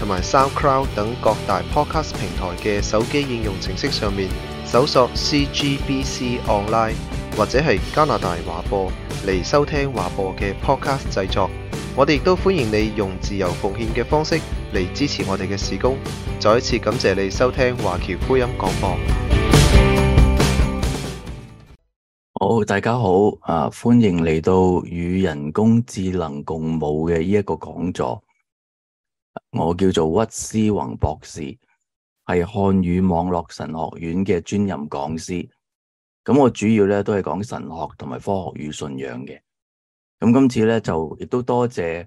同埋 SoundCloud 等各大 Podcast 平台嘅手機應用程式上面，搜索 CGBC Online 或者係加拿大華播嚟收聽華播嘅 Podcast 製作。我哋亦都歡迎你用自由奉獻嘅方式嚟支持我哋嘅事工。再一次感謝你收聽華僑福音廣播。好，大家好，啊，歡迎嚟到與人工智能共舞嘅呢一個講座。我叫做屈思宏博士，係漢語網絡神學院嘅專任講師。咁我主要咧都係講神學同埋科學與信仰嘅。咁今次咧就亦都多謝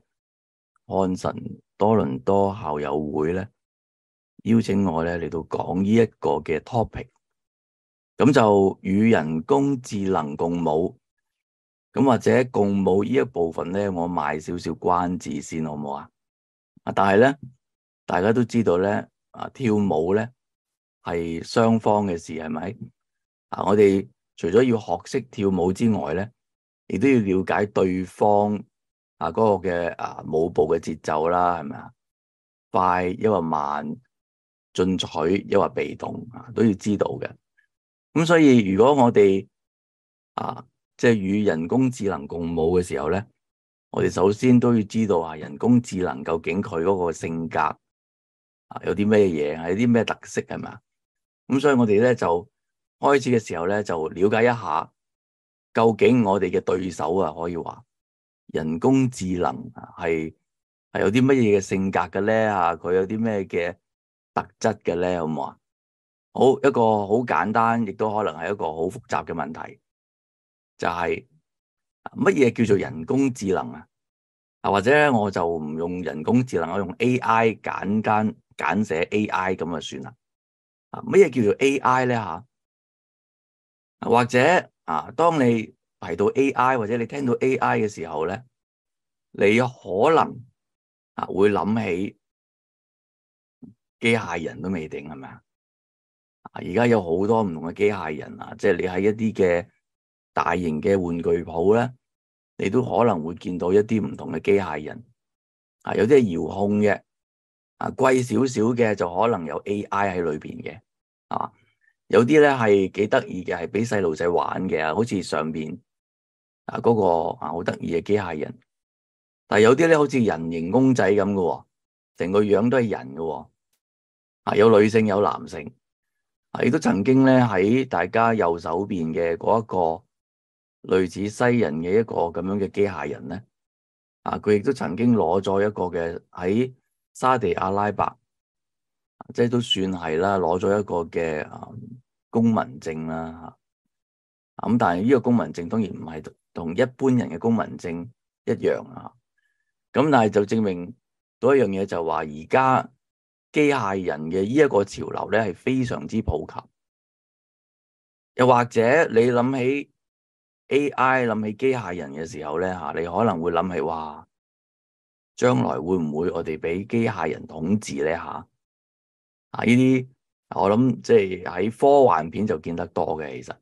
漢神多倫多校友會咧邀請我咧嚟到講呢一個嘅 topic。咁就與人工智能共舞，咁或者共舞呢一部分咧，我賣少少關子先，好唔好啊？啊！但係咧，大家都知道咧，啊跳舞咧係雙方嘅事，係咪？啊，我哋除咗要學識跳舞之外咧，亦都要了解對方啊嗰個嘅啊舞步嘅節奏啦，係咪啊？快抑或慢，進取抑或被動啊，都要知道嘅。咁所以如果我哋啊即係與人工智能共舞嘅時候咧。我哋首先都要知道啊，人工智能究竟佢嗰個性格啊，有啲咩嘢，係啲咩特色係嘛？咁所以我哋咧就開始嘅時候咧，就了解一下究竟我哋嘅對手啊，可以話人工智能啊，係係有啲乜嘢嘅性格嘅咧？啊，佢有啲咩嘅特質嘅咧？好唔好啊？好一個好簡單，亦都可能係一個好複雜嘅問題，就係。乜嘢叫做人工智能啊？啊或者咧我就唔用人工智能，我用 A I 簡單簡寫 A I 咁啊算啦。啊乜嘢叫做 A I 咧吓？或者啊，當你提到 A I 或者你聽到 A I 嘅時候咧，你可能啊會諗起機械人都未定係咪啊？啊而家有好多唔同嘅機械人啊，即係你喺一啲嘅。大型嘅玩具鋪咧，你都可能會見到一啲唔同嘅機械人啊，有啲係遙控嘅，啊貴少少嘅就可能有 AI 喺裏邊嘅，啊有啲咧係幾得意嘅，係俾細路仔玩嘅啊，好似上邊啊嗰個啊好得意嘅機械人，但係有啲咧好似人形公仔咁喎，成個樣都係人嘅啊，有女性有男性，啊亦都曾經咧喺大家右手邊嘅嗰一個。類似西人嘅一個咁樣嘅機械人咧，啊，佢亦都曾經攞咗一個嘅喺沙地阿拉伯，即係都算係啦，攞咗一個嘅啊公民證啦吓，咁、啊、但係呢個公民證當然唔係同一般人嘅公民證一樣啊，咁但係就證明到一樣嘢就話而家機械人嘅呢一個潮流咧係非常之普及，又或者你諗起。A.I. 諗起機械人嘅時候咧，吓你可能會諗起哇將來會唔會我哋俾機械人統治咧？吓啊！呢啲我諗即係喺科幻片就見得多嘅，其實，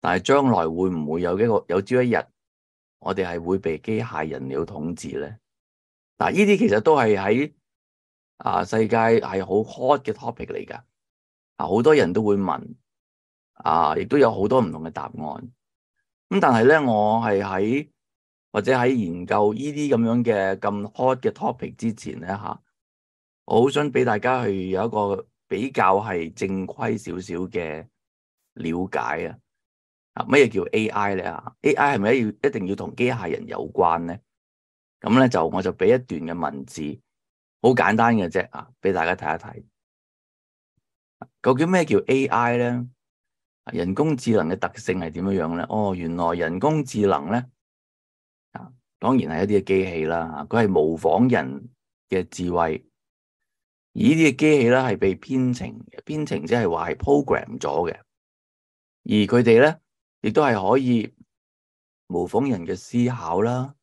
但係將來會唔會有一個有朝一日，我哋係會被機械人要統治咧？嗱、啊，呢啲其實都係喺啊世界係好 hot 嘅 topic 嚟噶，啊好多人都會問，啊亦都有好多唔同嘅答案。咁但係咧，我係喺或者喺研究呢啲咁樣嘅咁 hot 嘅 topic 之前咧吓，我好想俾大家去有一個比較係正規少少嘅了解啊。啊，乜嘢叫 AI 咧？AI 係咪要一定要同機械人有關咧？咁咧就我就俾一段嘅文字，好簡單嘅啫啊，俾大家睇一睇。究竟咩叫 AI 咧？人工智能嘅特性係點樣咧？哦，原來人工智能咧啊，當然係一啲嘅機器啦。佢係模仿人嘅智慧，而呢啲嘅機器咧係被編程嘅，編程即係話係 program 咗嘅。而佢哋咧亦都係可以模仿人嘅思考啦，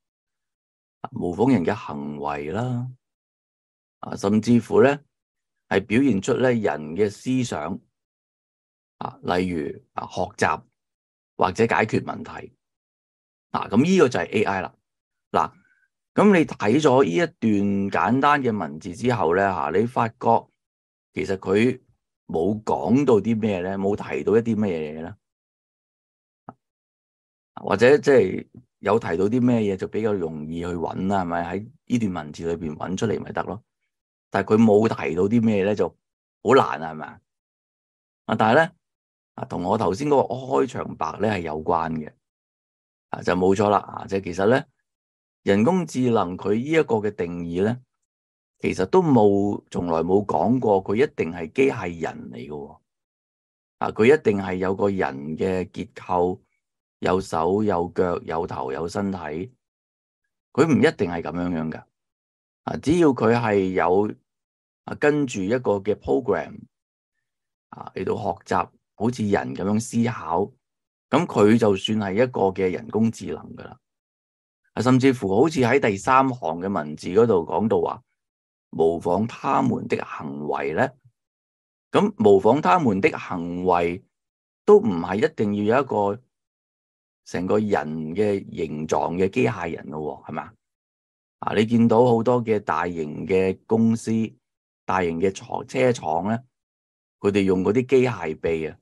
模仿人嘅行為啦，啊，甚至乎咧係表現出咧人嘅思想。啊，例如啊，學習或者解決問題啊，咁呢個就係 A.I. 啦。嗱、啊，咁你睇咗呢一段簡單嘅文字之後咧，吓、啊、你發覺其實佢冇講到啲咩咧，冇提到一啲咩嘢咧，或者即係有提到啲咩嘢就比較容易去揾啦，係咪喺呢段文字裏邊揾出嚟咪得咯？但係佢冇提到啲咩咧，就好難啊，係咪啊？啊、但係咧。啊，同我頭先嗰個開場白咧，係有關嘅。啊，就冇錯啦，啊即係其實咧，人工智能佢呢一個嘅定義咧，其實都冇從來冇講過佢一定係機械人嚟嘅，啊佢一定係有個人嘅結構，有手有腳有頭有身體，佢唔一定係咁樣樣㗎。啊只要佢係有啊跟住一個嘅 program 啊嚟到學習。好似人咁樣思考，咁佢就算係一個嘅人工智能噶啦，甚至乎好似喺第三行嘅文字嗰度講到話，模仿他們的行為咧，咁模仿他們的行為都唔係一定要有一個成個人嘅形狀嘅機械人㗎喎，哦，係咪？啊，你見到好多嘅大型嘅公司、大型嘅廠車廠咧，佢哋用嗰啲機械臂啊。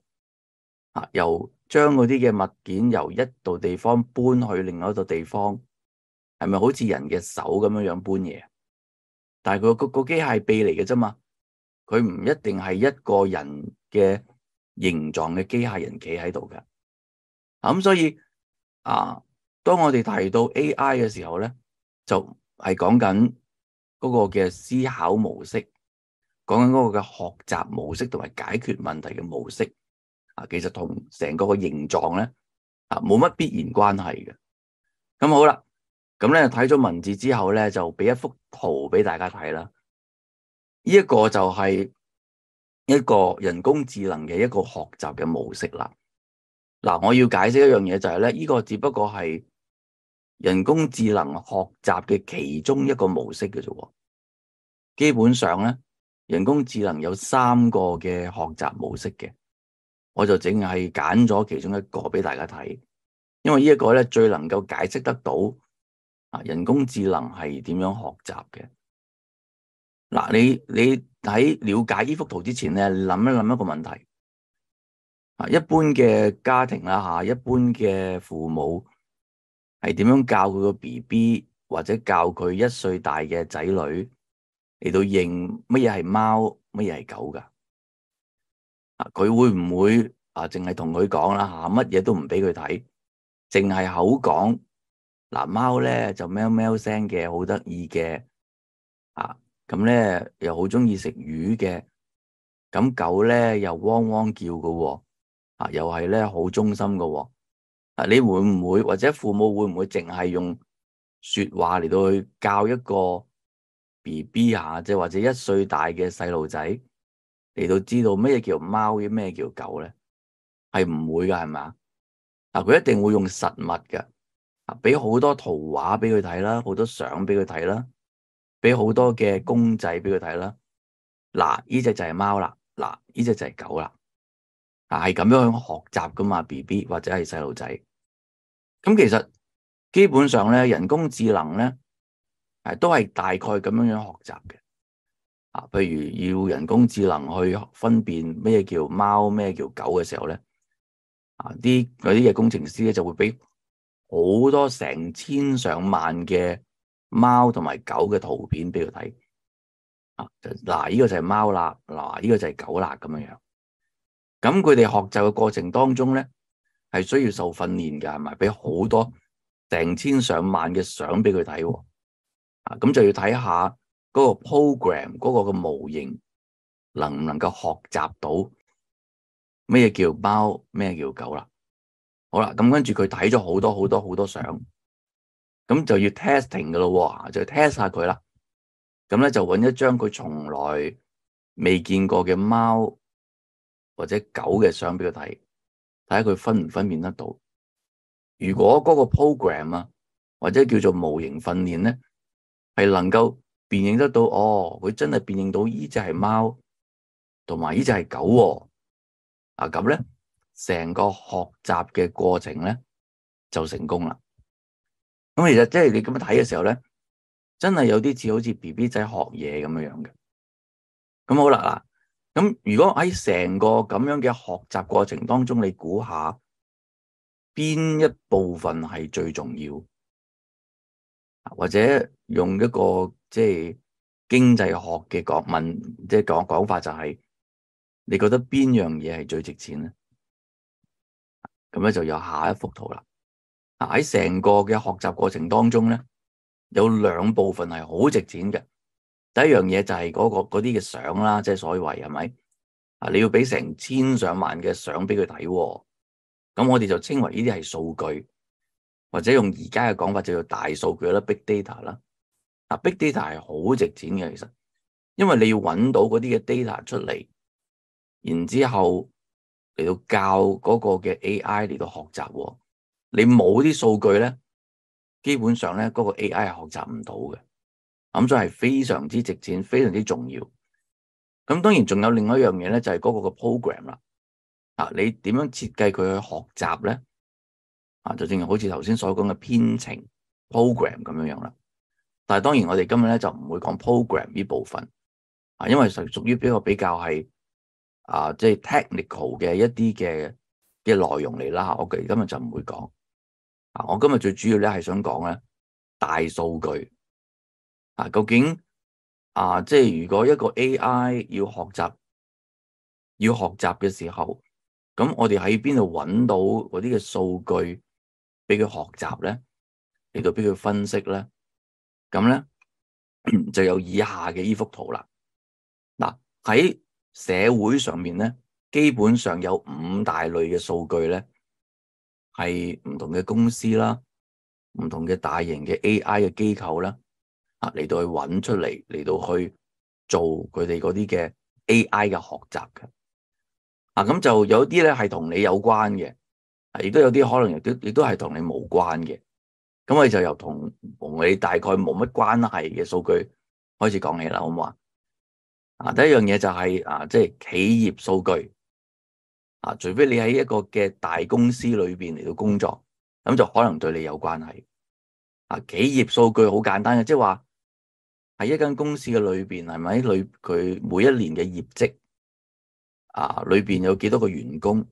啊！又將嗰啲嘅物件由一度地方搬去另外一度地方，係咪好似人嘅手咁樣樣搬嘢？但係佢個個機械臂嚟嘅啫嘛，佢唔一定係一個人嘅形狀嘅機械人企喺度㗎。啊咁，所以啊，當我哋提到 AI 嘅時候咧，就係講緊嗰個嘅思考模式，講緊嗰個嘅學習模式同埋解決問題嘅模式。啊，其實同成個個形狀咧，啊，冇乜必然關係嘅。咁好啦，咁咧睇咗文字之後咧，就俾一幅圖俾大家睇啦。呢一個就係一個人工智能嘅一個學習嘅模式啦。嗱，我要解釋一樣嘢就係咧，呢個只不過係人工智能學習嘅其中一個模式嘅啫。基本上咧，人工智能有三個嘅學習模式嘅。我就淨係揀咗其中一個畀大家睇，因為呢一個咧最能夠解釋得到啊人工智能係點樣學習嘅。嗱，你你喺了解呢幅圖之前咧，你諗一諗一個問題啊。一般嘅家庭啦吓，一般嘅父母係點樣教佢個 BB 或者教佢一歲大嘅仔女嚟到認乜嘢係貓，乜嘢係狗噶？啊！佢會唔會啊？淨係同佢講啦吓，乜嘢都唔俾佢睇，淨係口講。嗱，貓咧就喵喵聲嘅，好得意嘅。啊，咁咧又好中意食魚嘅。咁狗咧又汪汪叫嘅。啊，又係咧好忠心嘅。啊，你會唔會或者父母會唔會淨係用說話嚟到去教一個 BB 吓，即係或者一歲大嘅細路仔？嚟到知道咩叫貓，啲咩叫狗咧，係唔會噶，係咪啊？佢一定會用實物㗎，俾好多圖畫俾佢睇啦，好多相俾佢睇啦，俾好多嘅公仔俾佢睇啦。嗱，呢隻就係貓啦，嗱，呢隻就係狗啦。啊，係咁樣樣學習噶嘛，B B 或者係細路仔。咁其實基本上咧，人工智能咧，誒，都係大概咁樣樣學習嘅。譬如要人工智能去分辨咩叫貓咩叫狗嘅時候咧，啊，啲嗰啲嘅工程師咧就會俾好多成千上萬嘅貓同埋狗嘅圖片俾佢睇，啊，嗱，呢個就係貓啦，嗱，呢個就係狗啦咁樣樣，咁佢哋學習嘅過程當中咧係需要受訓練嘅，係咪？俾好多成千上萬嘅相俾佢睇，啊，咁就要睇下。嗰個 program 嗰個嘅模型能唔能夠學習到咩叫貓咩叫狗啦？好啦，咁跟住佢睇咗好多好多好多相，咁就要 testing 噶咯，就 test 晒佢啦。咁咧就搵一張佢從來未見過嘅貓或者狗嘅相俾佢睇，睇下佢分唔分辨得到。如果嗰個 program 啊或者叫做模型訓練咧，係能夠。辨認得到，哦，佢真係辨認到呢隻係貓，同埋呢隻係狗喎。啊，咁咧，成個學習嘅過程咧就成功啦。咁其實即係你咁樣睇嘅時候咧，真係有啲似好似 B B 仔學嘢咁樣樣嘅。咁好啦嗱，咁如果喺成個咁樣嘅學習過程當中，你估下邊一部分係最重要？或者用一個即係經濟學嘅講問，即係講講法就係、是，你覺得邊樣嘢係最值錢咧？咁咧就有下一幅圖啦。啊，喺成個嘅學習過程當中咧，有兩部分係好值錢嘅。第一樣嘢就係嗰、那個嗰啲嘅相啦，即係、就係、所謂係咪啊？你要俾成千上萬嘅相俾佢睇，咁我哋就稱為呢啲係數據。或者用而家嘅講法就叫大數據啦，big data 啦。嗱，big data 係好值錢嘅，其實，因為你要揾到嗰啲嘅 data 出嚟，然之後嚟到教嗰個嘅 AI 嚟到學習喎。你冇啲數據咧，基本上咧嗰個 AI 係學習唔到嘅。咁所以係非常之值錢，非常之重要。咁當然仲有另外一樣嘢咧，就係嗰個嘅 program 啦。啊，你點樣設計佢去學習咧？啊，就正如好似頭先所講嘅編程 program 咁樣樣啦。但係當然我哋今日咧就唔會講 program 呢部分啊，因為實屬於比較比較係啊，即係 technical 嘅一啲嘅嘅內容嚟啦。我哋今日就唔會講。啊，就是，我今日最主要咧係想講咧大數據啊，究竟啊，即係如果一個 AI 要學習要學習嘅時候，咁我哋喺邊度揾到嗰啲嘅數據？俾佢學習咧，嚟到俾佢分析咧，咁咧就有以下嘅依幅圖啦。嗱，喺社會上面咧，基本上有五大類嘅數據咧，係唔同嘅公司啦，唔同嘅大型嘅 AI 嘅機構啦，啊嚟到去搵出嚟，嚟到去做佢哋嗰啲嘅 AI 嘅學習嘅。啊，咁就有啲咧係同你有關嘅。亦都有啲可能也，亦都亦都係同你無關嘅。咁我就由同同你大概冇乜關係嘅數據開始講起啦，好唔好啊，就是？啊，第一樣嘢就係啊，即係企業數據啊，除非你喺一個嘅大公司裏邊嚟到工作，咁就可能對你有關係。啊，企業數據好簡單嘅，即係話喺一間公司嘅裏邊，係咪裏佢每一年嘅業績啊，裏邊有幾多個員工？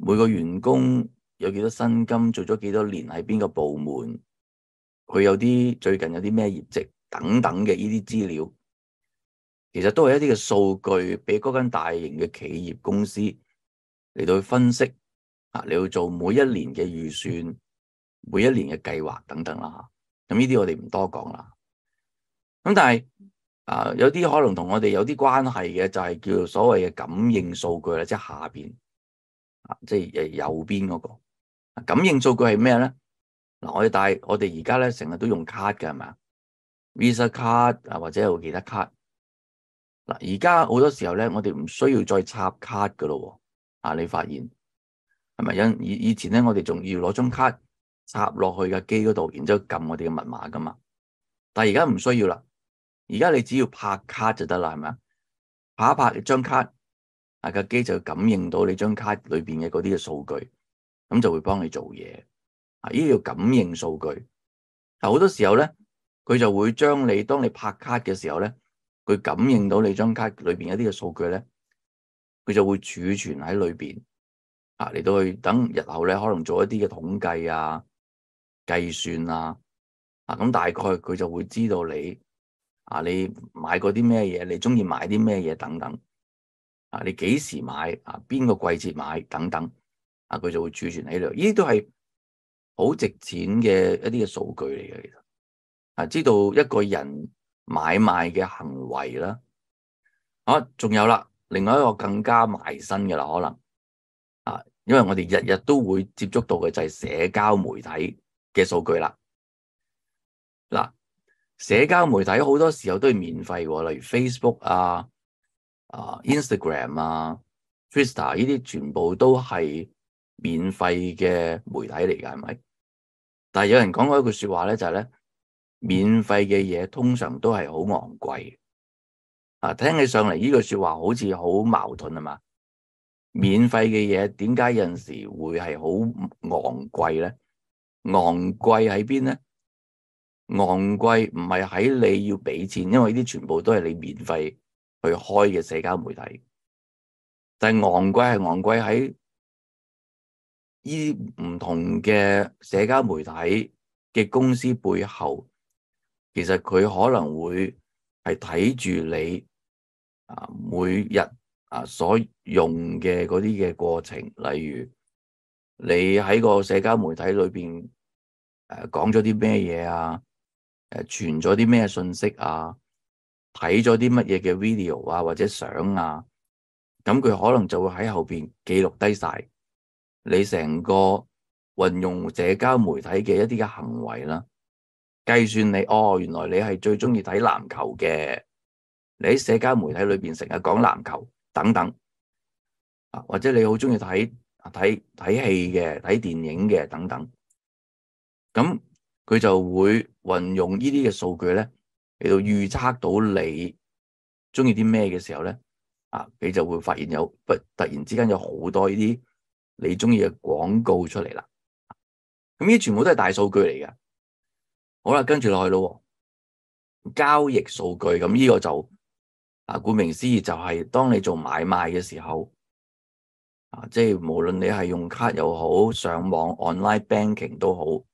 每個員工有幾多薪金，做咗幾多年，喺邊個部門，佢有啲最近有啲咩業績等等嘅呢啲資料，其實都係一啲嘅數據，俾嗰間大型嘅企業公司嚟到去分析啊，你要做每一年嘅預算、每一年嘅計劃等等啦。咁呢啲我哋唔多講啦。咁但係啊，有啲可能同我哋有啲關係嘅，就係叫做所謂嘅感應數據啦，即係下邊。即係右邊嗰個，感應數據係咩咧？嗱，我哋但係我哋而家咧成日都用卡，噶係咪啊？Visa 卡啊或者有其他卡。嗱，而家好多時候咧，我哋唔需要再插卡噶咯。啊，你發現係咪因以以前咧我哋仲要攞張卡插落去架機嗰度，然之後撳我哋嘅密碼噶嘛？但係而家唔需要啦。而家你只要拍卡就得啦，係咪啊？拍一拍張卡。架機就感應到你張卡裏邊嘅嗰啲嘅數據，咁就會幫你做嘢。啊，呢叫感應數據，啊好多時候咧，佢就會將你當你拍卡嘅時候咧，佢感應到你張卡裏邊一啲嘅數據咧，佢就會儲存喺裏邊，啊嚟到去等日後咧可能做一啲嘅統計啊、計算啊，啊咁大概佢就會知道你，啊你買過啲咩嘢，你中意買啲咩嘢等等。啊！你幾時買啊？邊個季節買等等啊？佢就會儲存喺度，呢啲都係好值錢嘅一啲嘅數據嚟嘅。啊，知道一個人買賣嘅行為啦。啊，仲有啦，另外一個更加埋身嘅啦，可能啊，因為我哋日日都會接觸到嘅就係社交媒體嘅數據啦。嗱，啊，社交媒體好多時候都係免費，例如 Facebook 啊。啊，Instagram 啊 Twitter 呢啲全部都係免費嘅媒體嚟㗎，係咪？但係有人講過一句說話咧，就係咧，免費嘅嘢通常都係好昂貴。啊，聽起上嚟呢句說話好似好矛盾啊嘛！免費嘅嘢點解有陣時會係好昂貴咧？昂貴喺邊咧？昂貴唔係喺你要俾錢，因為呢啲全部都係你免費。去開嘅社交媒體，但係昂貴係昂貴喺呢唔同嘅社交媒體嘅公司背後，其實佢可能會係睇住你啊每日啊所用嘅嗰啲嘅過程，例如你喺個社交媒體裏邊誒講咗啲咩嘢啊，誒傳咗啲咩信息啊。睇咗啲乜嘢嘅 video 啊或者相啊，咁佢可能就會喺後邊記錄低晒你成個運用社交媒體嘅一啲嘅行為啦，計算你哦原來你係最中意睇籃球嘅，你喺社交媒體裏邊成日講籃球等等啊，或者你好中意睇睇睇戲嘅睇電影嘅等等，咁佢就會運用呢啲嘅數據咧。嚟到預測到你中意啲咩嘅時候咧，啊，你就會發現有不突然之間有好多呢啲你中意嘅廣告出嚟啦。咁呢全部都係大數據嚟嘅。好啦，跟住落去咯。交易數據咁呢、這個就啊，顧名思義就係、是、當你做買賣嘅時候啊，即係無論你係用卡又好，上網 online banking 都好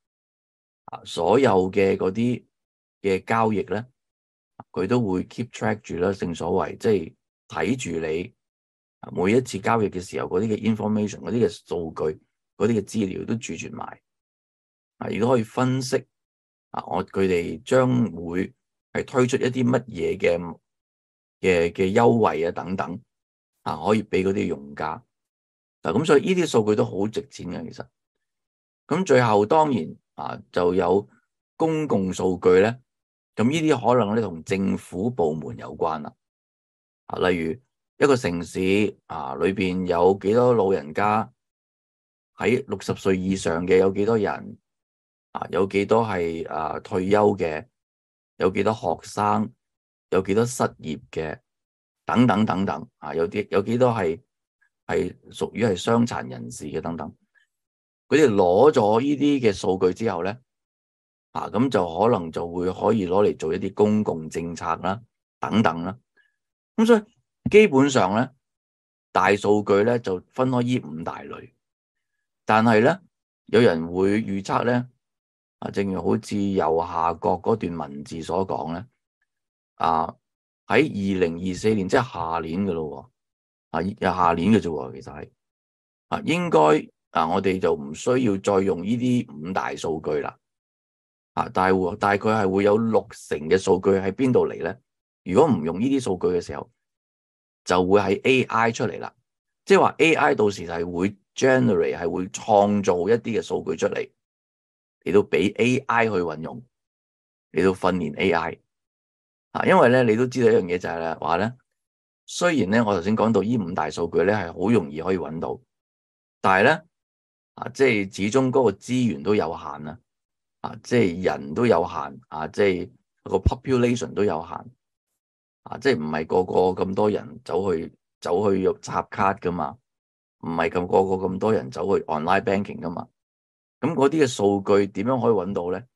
啊，所有嘅嗰啲嘅交易咧。佢都會 keep track 住啦，正所謂即係睇住你每一次交易嘅時候，嗰啲嘅 information、嗰啲嘅數據、嗰啲嘅資料都儲存埋。啊，亦都可以分析啊，我佢哋將會係推出一啲乜嘢嘅嘅嘅優惠啊等等啊，可以俾嗰啲用家。嗱咁所以呢啲數據都好值錢嘅，其實。咁最後當然啊，就有公共數據咧。咁呢啲可能咧同政府部門有關啦，啊，例如一個城市啊裏面有幾多老人家喺六十歲以上嘅有幾多人啊？有幾多係啊退休嘅？有幾多學生？有幾多失業嘅？等等等等啊！有啲有幾多係係屬於係傷殘人士嘅等等。佢哋攞咗呢啲嘅數據之後咧。啊，咁就可能就會可以攞嚟做一啲公共政策啦、啊，等等啦、啊。咁所以基本上咧，大數據咧就分開呢五大類。但係咧，有人會預測咧，啊，正如好似右下角嗰段文字所講咧，啊，喺二零二四年即係下年㗎咯、啊，啊，下年噶啫、啊，其實係啊，應該啊，我哋就唔需要再用呢啲五大數據啦。啊！但係但係，佢係會有六成嘅數據喺邊度嚟咧？如果唔用呢啲數據嘅時候，就會喺 AI 出嚟啦。即係話 AI 到時係會 generate 係會創造一啲嘅數據出嚟，嚟到俾 AI 去運用，嚟到訓練 AI。啊，因為咧你都知道一樣嘢就係咧話咧，雖然咧我頭先講到呢五大數據咧係好容易可以揾到，但係咧啊，即係始終嗰個資源都有限啦。啊，即係人都有限，啊，即係個 population 都有限，啊，即係唔係個個咁多人走去走去入插卡噶嘛，唔係咁個個咁多人走去 online banking 噶嘛，咁嗰啲嘅數據點樣可以搵到咧？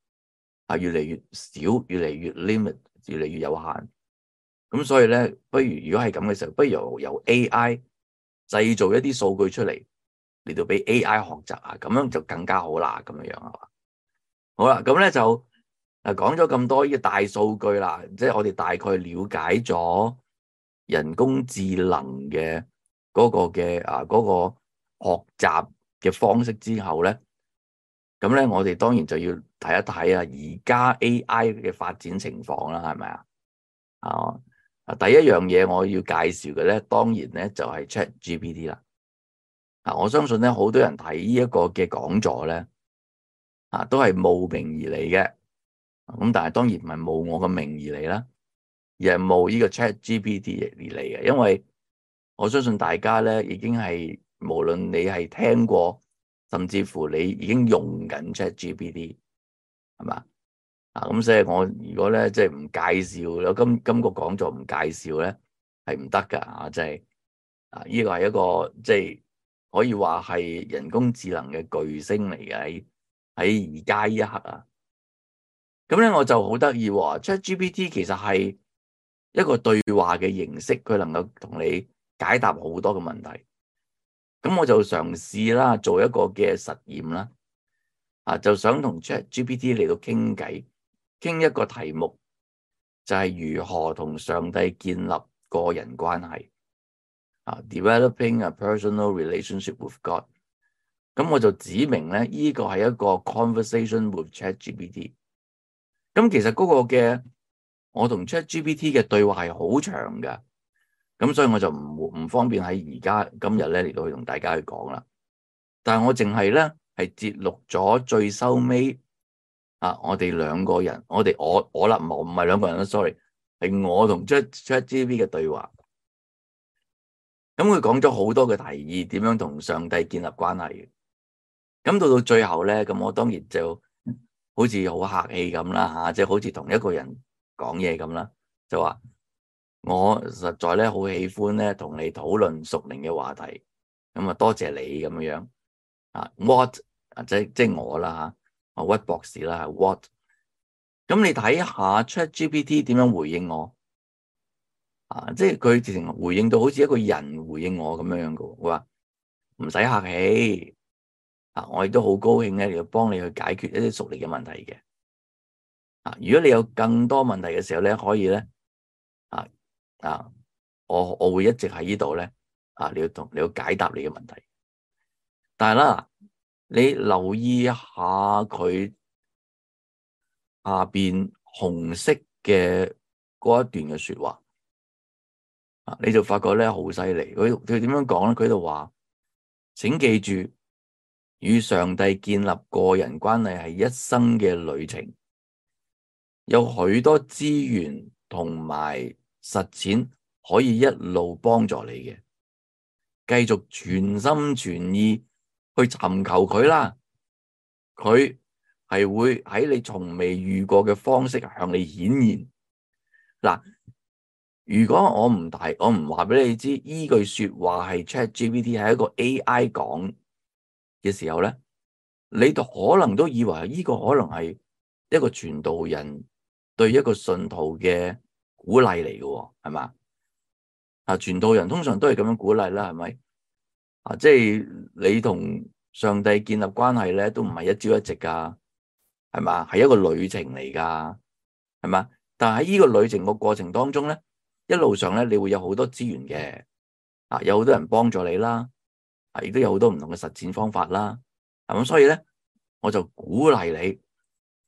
啊，越嚟越少，越嚟越 limit，越嚟越有限，咁所以咧，不如如果係咁嘅時候，不如由，由 AI 製造一啲數據出嚟嚟到俾 AI 學習啊，咁樣就更加好啦，咁樣樣係好啦，咁咧就嗱講咗咁多呢個大數據啦，即係我哋大概了解咗人工智能嘅嗰個嘅啊嗰個學習嘅方式之後咧，咁咧我哋當然就要睇一睇啊而家 AI 嘅發展情況啦，係咪啊？啊啊第一樣嘢我要介紹嘅咧，當然咧就係 ChatGPT 啦。我相信咧好多人睇呢一個嘅講座咧。啊，都係慕名而嚟嘅，咁但係當然唔係慕我個名而嚟啦，而係慕呢個 ChatGPT 而嚟嘅。因為我相信大家咧，已經係無論你係聽過，甚至乎你已經用緊 ChatGPT，係嘛？啊，咁所以我如果咧即係唔介紹，有今今個講座唔介紹咧，係唔得噶啊！即係啊，呢個係一個即係、就是、可以話係人工智能嘅巨星嚟嘅。喺而家呢一刻啊，咁咧我就好得意喎，ChatGPT 其實係一個對話嘅形式，佢能夠同你解答好多嘅問題。咁我就嘗試啦，做一個嘅實驗啦，啊，就想同 ChatGPT 嚟到傾偈，傾一個題目就係、是、如何同上帝建立個人關係啊，Developing a personal relationship with God。咁我就指明咧，呢個係一個 conversation with ChatGPT。咁其實嗰個嘅我同 ChatGPT 嘅對話係好長㗎。咁所以我就唔唔方便喺而家今日咧嚟，到去同大家去講啦。但係我淨係咧係截錄咗最收尾、嗯、啊！我哋兩個人，我哋我我啦，唔唔係兩個人啦，sorry，係我同 Chat ChatGPT 嘅對話。咁佢講咗好多嘅提議，點樣同上帝建立關係？咁到到最後咧，咁我當然就好似好客氣咁啦吓，即係好似同一個人講嘢咁啦，就話我實在咧好喜歡咧同你討論熟齡嘅話題，咁啊多謝你咁樣樣啊，what 即係即係我啦吓，啊 what 博士啦，what，咁你睇下 ChatGPT 點樣回應我啊，即係佢直情回應到好似一個人回應我咁樣樣噶，佢話唔使客氣。我亦都好高興咧，要幫你去解決一啲熟你嘅問題嘅。啊，如果你有更多問題嘅時候咧，可以咧，啊啊，我我會一直喺呢度咧，啊，你要同你要解答你嘅問題。但係啦，你留意一下佢下邊紅色嘅嗰一段嘅說話，啊，你就發覺咧好犀利。佢佢點樣講咧？佢喺度話，請記住。與上帝建立個人關係係一生嘅旅程，有許多資源同埋實踐可以一路幫助你嘅。繼續全心全意去尋求佢啦，佢係會喺你從未遇過嘅方式向你顯現。嗱，如果我唔提，我唔話俾你知，呢句說話係 ChatGPT 係一個 AI 講。嘅時候咧，你都可能都以為呢個可能係一個傳道人對一個信徒嘅鼓勵嚟嘅，係嘛？啊，傳道人通常都係咁樣鼓勵啦，係咪？啊，即係你同上帝建立關係咧，都唔係一朝一夕噶，係嘛？係一個旅程嚟噶，係嘛？但係喺呢個旅程個過程當中咧，一路上咧，你會有好多資源嘅，啊，有好多人幫助你啦。啊！亦都有好多唔同嘅實踐方法啦，咁所以咧，我就鼓勵你，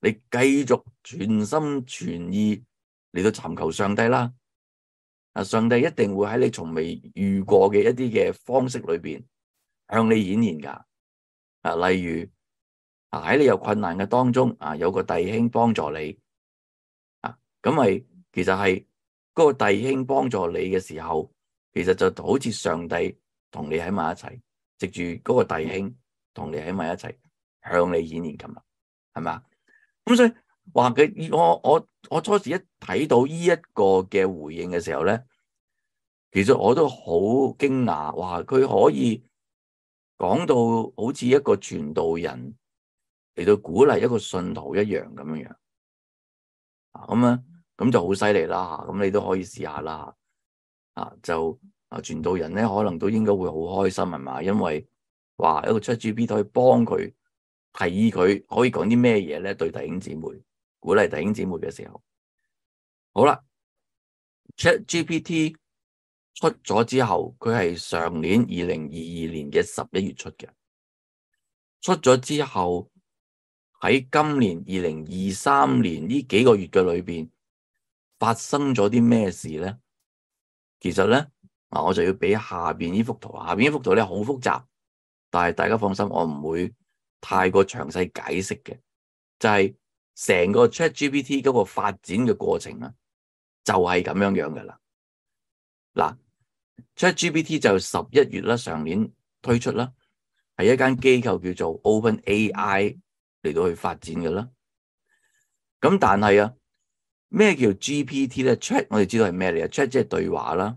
你繼續全心全意嚟到尋求上帝啦。啊！上帝一定會喺你從未遇過嘅一啲嘅方式裏邊向你演言噶。啊，例如啊喺你有困難嘅當中啊，有個弟兄幫助你啊，咁係其實係嗰個弟兄幫助你嘅時候，其實就好似上帝同你喺埋一齊。藉住嗰個弟兄同你喺埋一齊向你演練咁啦，係咪？咁所以話佢我我我初時一睇到呢一個嘅回應嘅時候咧，其實我都好驚訝，哇！佢可以講到好似一個傳道人嚟到鼓勵一個信徒一樣咁樣樣啊，咁咁就好犀利啦吓，咁你都可以試下啦啊，就。啊！傳道人咧，可能都應該會好開心，係嘛？因為話一個 ChatGPT 可以幫佢提議佢可以講啲咩嘢咧，對弟兄姊妹鼓勵弟兄姊妹嘅時候。好啦，ChatGPT 出咗之後，佢係上年二零二二年嘅十一月出嘅。出咗之後，喺今年二零二三年呢幾個月嘅裏邊發生咗啲咩事咧？其實咧。嗱，我就要俾下邊呢幅圖，下邊呢幅圖咧好複雜，但係大家放心，我唔會太過詳細解釋嘅，就係成個 Chat GPT 嗰個發展嘅過程啦，就係咁樣樣噶啦。嗱，Chat GPT 就十一月啦，上年推出啦，係一間機構叫做 Open AI 嚟到去發展噶啦。咁但係啊，咩叫 GPT 咧？Chat 我哋知道係咩嚟啊？Chat 即係對話啦。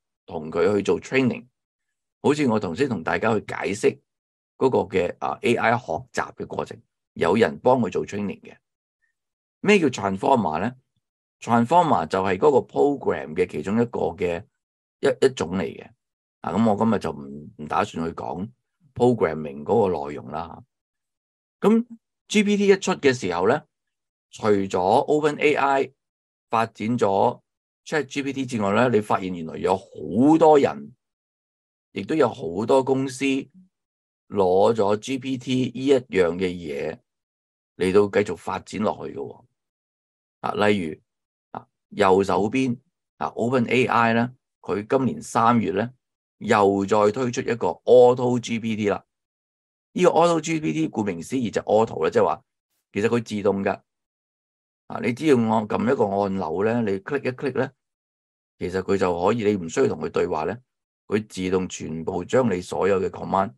同佢去做 training，好似我頭先同大家去解釋嗰個嘅啊 AI 學習嘅過程，有人幫佢做 training 嘅。咩叫 transformer 咧？Transformer 就係嗰個 program 嘅其中一個嘅一一種嚟嘅。啊，咁我今日就唔唔打算去講 programming 嗰個內容啦。咁 GPT 一出嘅時候咧，除咗 OpenAI 發展咗。除咗 GPT 之外咧，你發現原來有好多人，亦都有好多公司攞咗 GPT 呢一樣嘅嘢嚟到繼續發展落去嘅喎。啊，例如啊，右手邊啊，Open AI 咧，佢今年三月咧又再推出一個 Auto GPT 啦。呢、呢個 Auto GPT 顧名思義就 auto 啦，即係話其實佢自動㗎。啊！你只要按撳一個按鈕咧，你 click 一 click 咧，其實佢就可以，你唔需要同佢對話咧，佢自動全部將你所有嘅 command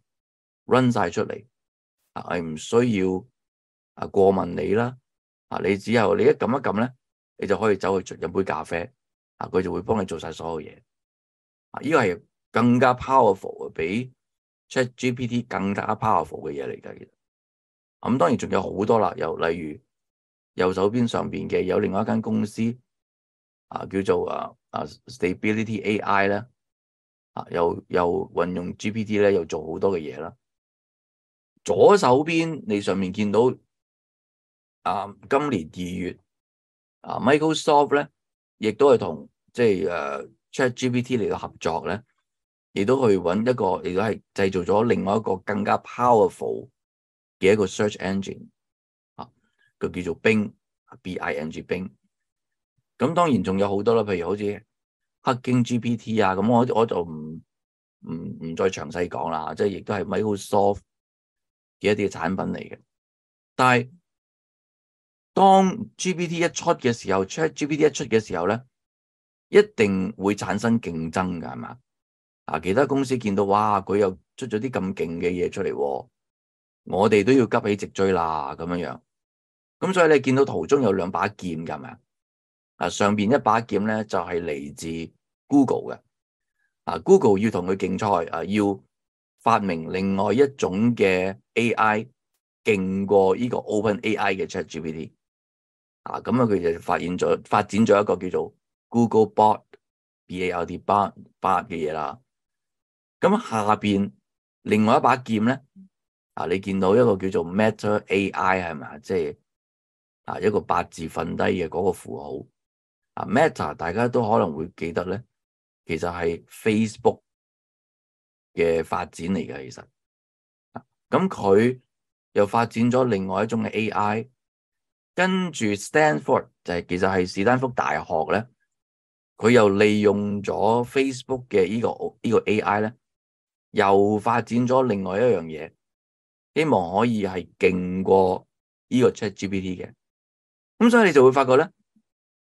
run 晒出嚟。啊，係唔需要啊過問你啦。啊，你之後你一撳一撳咧，你就可以走去啜飲杯咖啡。啊，佢就會幫你做晒所有嘢。啊，呢個係更加 powerful，比 ChatGPT 更加 powerful 嘅嘢嚟㗎。其實，咁當然仲有好多啦，又例如。右手邊上面嘅有另外一間公司啊，叫做啊啊 Stability AI 啊，啊又又運用 GPT 咧，又做好多嘅嘢啦。左手邊你上面見到啊，今年二月啊 Microsoft 咧，亦都係同即係誒 ChatGPT 嚟到合作咧，亦都去搵一個，亦都係製造咗另外一個更加 powerful 嘅一個 search engine。就叫做冰，B I N G 冰。咁當然仲有好多啦，譬如好似黑晶 G P T 啊，咁我我就唔唔唔再詳細講啦。即係亦都係 Microsoft 嘅一啲產品嚟嘅。但係當 G P T 一出嘅時候，check G P T 一出嘅時候咧，一定會產生競爭噶，係嘛？啊，其他公司見到哇，佢又出咗啲咁勁嘅嘢出嚟，我哋都要急起直追啦，咁樣樣。咁所以你見到圖中有兩把劍㗎嘛？啊，上邊一把劍咧就係、是、嚟自 Google 嘅，啊 Google 要同佢競賽啊，要發明另外一種嘅 AI 勁過呢個 OpenAI 嘅 ChatGPT 啊，咁啊佢就發現咗發展咗一個叫做 Google Bard B A R D 巴巴嘅嘢啦。咁下邊另外一把劍咧，啊你見到一個叫做 Meta AI 係嘛？即係。啊，一個八字瞓低嘅嗰個符號，啊 Meta 大家都可能會記得咧，其實係 Facebook 嘅發展嚟嘅，其實，咁佢又發展咗另外一種嘅 AI，跟住 Stanford 就係其實係史丹福大學咧，佢又利用咗 Facebook 嘅依個依個 AI 咧，又發展咗另外一樣嘢，希望可以係勁過呢個 ChatGPT 嘅。咁所以你就會發覺咧，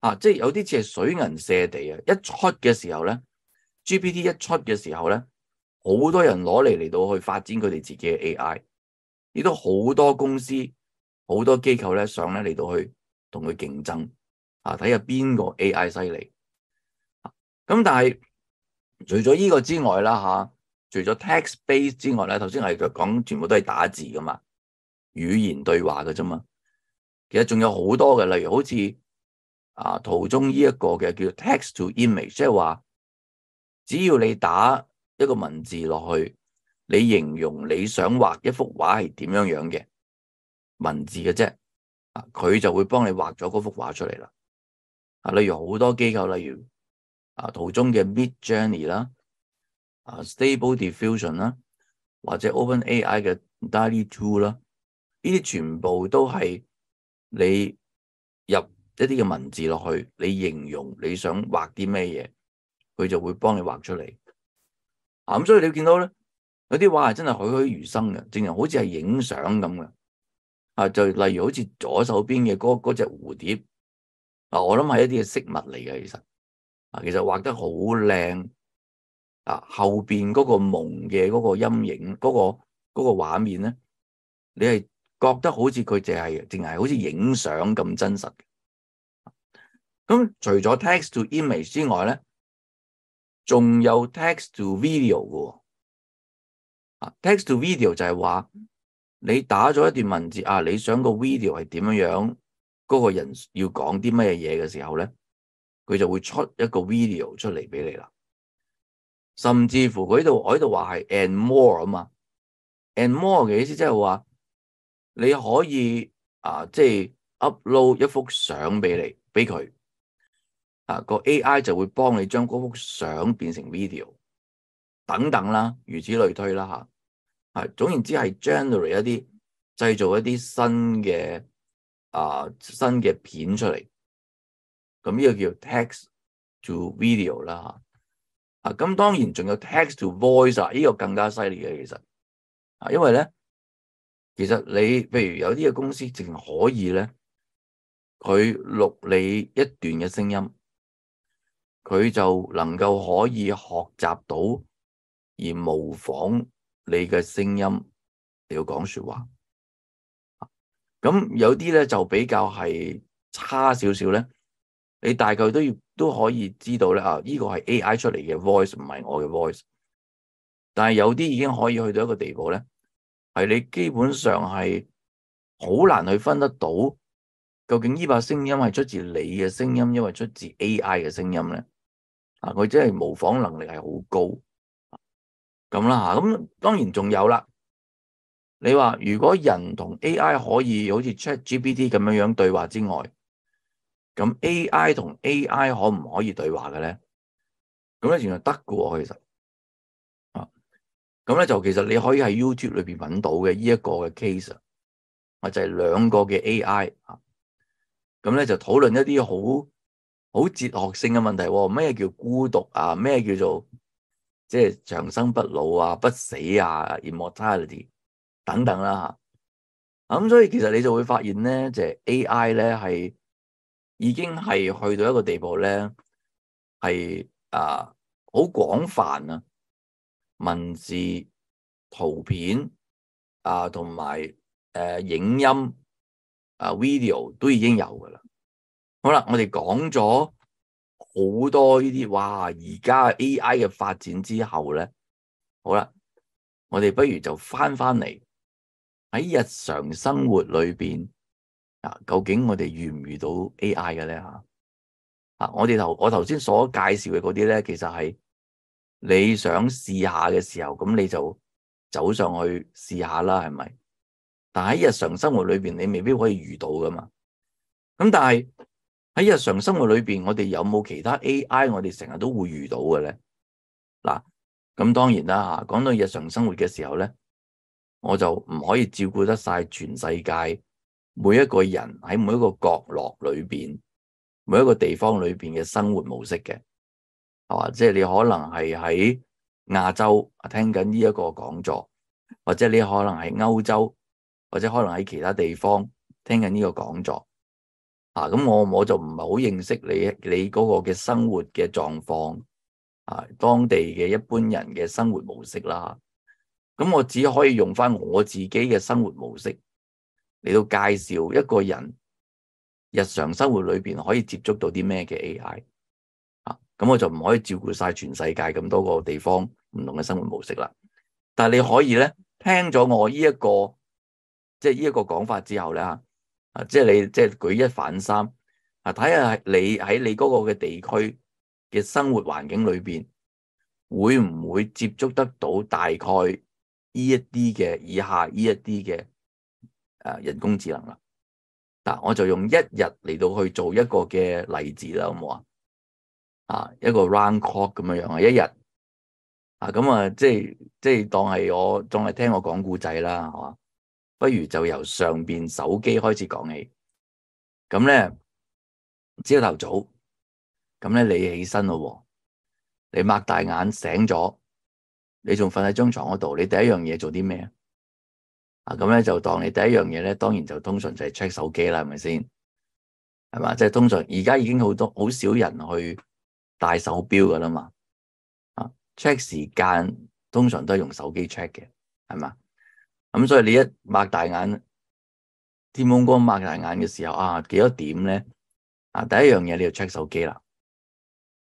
啊，即係有啲似係水銀瀉地啊！一出嘅時候咧，GPT 一出嘅時候咧，好多人攞嚟嚟到去發展佢哋自己嘅 AI，亦都好多公司、好多機構咧，上咧嚟到去同佢競爭，啊，睇下邊個 AI 犀利。咁但係除咗呢個之外啦，吓，除咗 text base 之外咧，頭先係講全部都係打字噶嘛，語言對話㗎啫嘛。其實仲有好多嘅，例如好似啊，圖中呢一個嘅叫 text-to-image，即係話只要你打一個文字落去，你形容你想畫一幅畫係點樣樣嘅文字嘅啫，啊，佢就會幫你畫咗幅畫出嚟啦。啊，例如好多機構，例如啊，圖中嘅 MidJourney 啦，啊，啊，Stable Diffusion 啦，啊，或者 OpenAI 嘅 DALL-E 2啦，呢啲全部都係。你入一啲嘅文字落去，你形容你想畫啲咩嘢，佢就會幫你畫出嚟。咁所以你會見到咧，有啲畫係真係栩栩如生嘅，正正好似係影相咁嘅。啊，就例如好似左手邊嘅嗰隻隻蝴蝶，啊，我諗係一啲嘅飾物嚟嘅，其實啊，其實畫得好靚。啊，後邊嗰個朦嘅嗰個陰影，嗰個嗰個畫面咧，你係。覺得好似佢淨係淨係好似影相咁真實嘅。咁除咗 text to image 之外咧，仲有 text to video 嘅，哦。啊，text to video 就係話你打咗一段文字啊，你想個 video 係點樣樣，嗰個人要講啲乜嘢嘢嘅時候咧，佢就會出一個 video 出嚟俾你啦。甚至乎佢喺度，我喺度話係 and more 啊嘛，and more 嘅意思即係話。你可以啊，即係 upload 一幅相俾你，俾佢啊，個 AI 就會幫你將嗰幅相變成 video 等等啦，如此類推啦吓。啊，總言之係 generate 一啲製造一啲新嘅啊新嘅片出嚟。咁呢個叫 text to video 啦。啊，咁當然仲有 text to voice 啊，呢個更加犀利嘅其實啊，因為咧。其實你，譬如有啲嘅公司淨可以咧，佢錄你一段嘅聲音，佢就能夠可以學習到而模仿你嘅聲音，你要講說話。咁有啲咧就比較係差少少咧，你大概都要都可以知道咧啊，呢個係 A.I. 出嚟嘅 voice，唔係我嘅 voice。但係有啲已經可以去到一個地步咧。係你基本上係好難去分得到究竟呢把聲音係出自你嘅聲音，因為出自 A.I. 嘅聲音咧啊！佢真係模仿能力係好高咁啦吓。咁當然仲有啦。你話如果人同 A.I. 可以好似 ChatGPT 咁樣樣對話之外，咁 A.I. 同 A.I. 可唔可以對話嘅咧？咁咧，原來得噶其實。咁咧就其實你可以喺 YouTube 裏邊揾到嘅呢一個嘅 case，就係兩個嘅 AI 啊。咁咧就討論一啲好好哲學性嘅問題，咩叫孤獨啊？咩叫做即係、就是、長生不老啊、不死啊、immortality 等等啦吓。咁所以其實你就會發現咧，就係、是、AI 咧係已經係去到一個地步咧，係啊好廣泛啊。文字、圖片啊，同埋誒影音啊，video 都已經有噶啦。好啦，我哋講咗好多呢啲，哇！而家 AI 嘅發展之後咧，好啦，我哋不如就翻翻嚟喺日常生活裏邊。啊，究竟我哋遇唔遇到 AI 嘅咧嚇啊，我哋頭我頭先所介紹嘅嗰啲咧，其實係。你想試下嘅時候，咁你就走上去試下啦，係咪？但喺日常生活裏邊，你未必可以遇到噶嘛。咁但係喺日常生活裏邊，我哋有冇其他 AI 我哋成日都會遇到嘅咧？嗱，咁當然啦，吓講到日常生活嘅時候咧，我就唔可以照顧得晒全世界每一個人喺每一個角落裏邊，每一個地方裏邊嘅生活模式嘅。啊、即係你可能係喺亞洲聽緊呢一個講座，或者你可能係歐洲，或者可能喺其他地方聽緊呢個講座。啊，咁我我就唔係好認識你你嗰個嘅生活嘅狀況啊，當地嘅一般人嘅生活模式啦。咁我只可以用翻我自己嘅生活模式嚟到介紹一個人日常生活裏邊可以接觸到啲咩嘅 AI。咁我就唔可以照顧晒全世界咁多個地方唔同嘅生活模式啦。但係你可以咧，聽咗我呢一個即係呢一個講法之後咧，吓、啊，即係你即係舉一反三啊，睇下你喺你嗰個嘅地區嘅生活環境裏邊會唔會接觸得到大概呢一啲嘅以下呢一啲嘅誒人工智能啦？嗱，我就用一日嚟到去做一個嘅例子啦，好唔好啊。啊，一個 round clock 咁樣樣，一日啊，咁啊，即係即係當係我，當係聽我講故仔啦，係嘛？不如就由上邊手機開始講起。咁咧，朝頭早，咁咧你起身咯，你擘大眼醒咗，你仲瞓喺張床嗰度，你第一樣嘢做啲咩啊？咁咧就當你第一樣嘢咧，當然就通常就係 check 手機啦，係咪先？係嘛，即係通常而家已經好多好少人去。戴手表噶啦嘛，啊 check 時間通常都係用手機 check 嘅，係嘛？咁所以你一擘大眼，天蒙光擘大眼嘅時候啊，幾多點咧？啊，第一樣嘢你就 check 手機啦。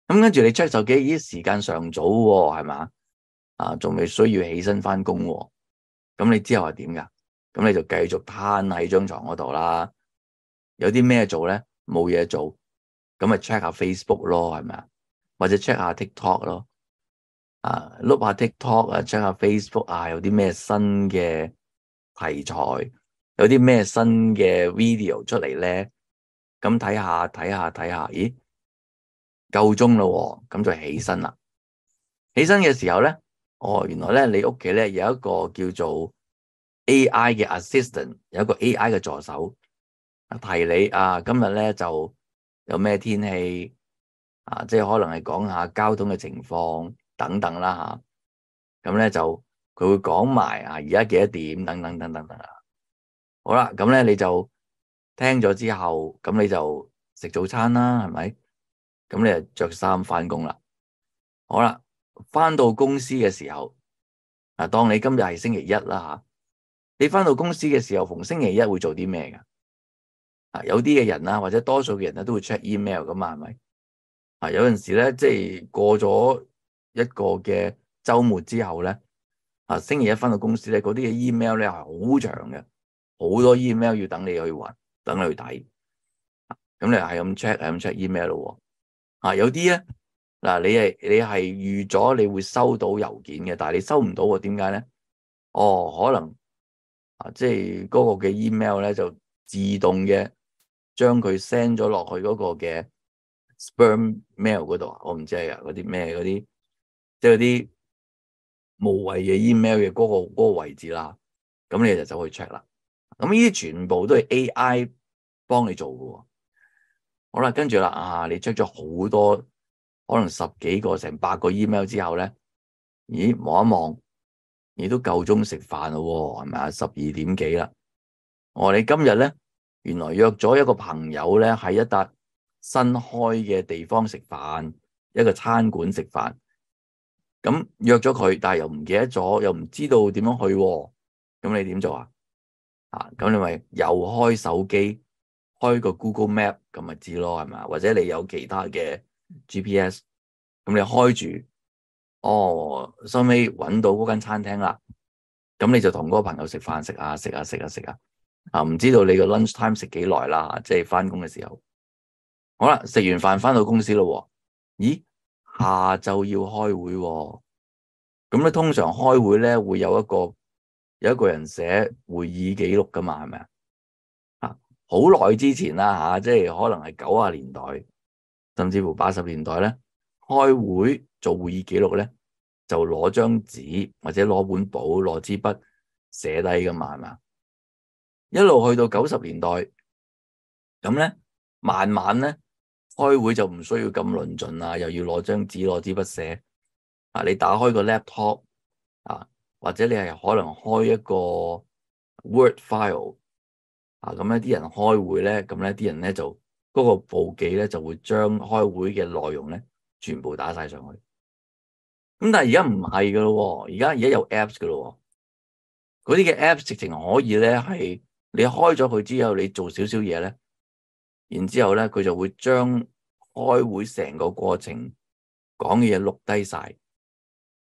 咁跟住你 check 手機，咦、哦，啲時間尚早喎，係嘛？啊，仲未需要起身翻工，咁你之後係點噶？咁你就繼續癱喺張床嗰度啦。有啲咩做咧？冇嘢做，咁咪 check 下 Facebook 咯，係咪啊？或者 check 下 TikTok 咯啊，啊，look 下 TikTok 啊，check 下 Facebook 啊，有啲咩新嘅題材，有啲咩新嘅 video 出嚟咧？咁睇下睇下睇下，咦，夠鐘咯，咁就起身啦。起身嘅時候咧，哦，原來咧你屋企咧有一個叫做 AI 嘅 assistant，有一個 AI 嘅助手，提你啊，今日咧就有咩天氣？啊，即係可能係講下交通嘅情況等等啦吓，咁咧就佢會講埋啊，而家幾多點等等等等等啊。好啦，咁咧你就聽咗之後，咁你就食早餐啦，係咪？咁你就着衫翻工啦。好啦，翻到公司嘅時候，啊，當你今日係星期一啦吓，你翻到公司嘅時候，逢星期一會做啲咩噶？啊，有啲嘅人啦，或者多數嘅人咧都會 check email 噶嘛，係咪？啊！有陣時咧，即係過咗一個嘅週末之後咧，啊，星期一翻到公司咧，嗰啲嘅 email 咧係好長嘅，好多 email 要等你去還，等你去睇。咁、啊、你係咁 check，係咁 check email 咯喎、哦。啊，有啲咧，嗱、啊，你係你係預咗你會收到郵件嘅，但係你收唔到喎？點解咧？哦，可能啊，即係嗰個嘅 email 咧就自動嘅將佢 send 咗落去嗰個嘅。Sperm mail 嗰度啊，我唔知係啊，嗰啲咩嗰啲，即係嗰啲無謂嘅 email 嘅嗰個嗰個位置啦。咁你就走去 check 啦。咁呢啲全部都係 AI 幫你做嘅。好啦，跟住啦，啊，你 check 咗好多，可能十幾個成八個 email 之後咧，咦，望一望，你都夠鐘食飯咯，係咪啊？十二點幾啦。我哋今日咧，原來約咗一個朋友咧，喺一笪。新開嘅地方食飯，一個餐館食飯，咁約咗佢，但係又唔記得咗，又唔知道點樣去，哦，咁你點做啊？啊，咁你咪又開手機，開個 Google Map，咁咪知咯，係咪？或者你有其他嘅 GPS，咁你開住，哦，收尾揾到嗰間餐廳啦，咁你就同嗰個朋友食飯，食啊食啊食啊食啊，啊唔知道你個 lunch time 食幾耐啦，即係返工嘅時候。好啦，食完飯翻到公司咯，咦？下晝要開會，哦，咁咧通常開會咧會有一個有一個人寫會議記錄噶嘛，係咪啊？好耐之前啦吓，即係可能係九十年代，甚至乎八十年代咧，開會做會議記錄咧，就攞張紙或者攞本簿攞支筆寫低㗎嘛，係咪啊？一路去到九十年代，咁咧慢慢咧。開會就唔需要咁論盡啊，又要攞張紙攞支筆寫啊。你打開個 laptop 啊，或者你係可能開一個 Word file 啊。咁咧啲人開會咧，咁咧啲人咧就嗰、那個簿記咧就會將開會嘅內容咧全部打晒上去。咁但係而家唔係噶咯，而家而家有 apps 噶咯。嗰啲嘅 apps 直情可以咧係你開咗佢之後，你做少少嘢咧。然之後咧，佢就會將開會成個過程講嘅嘢錄低晒，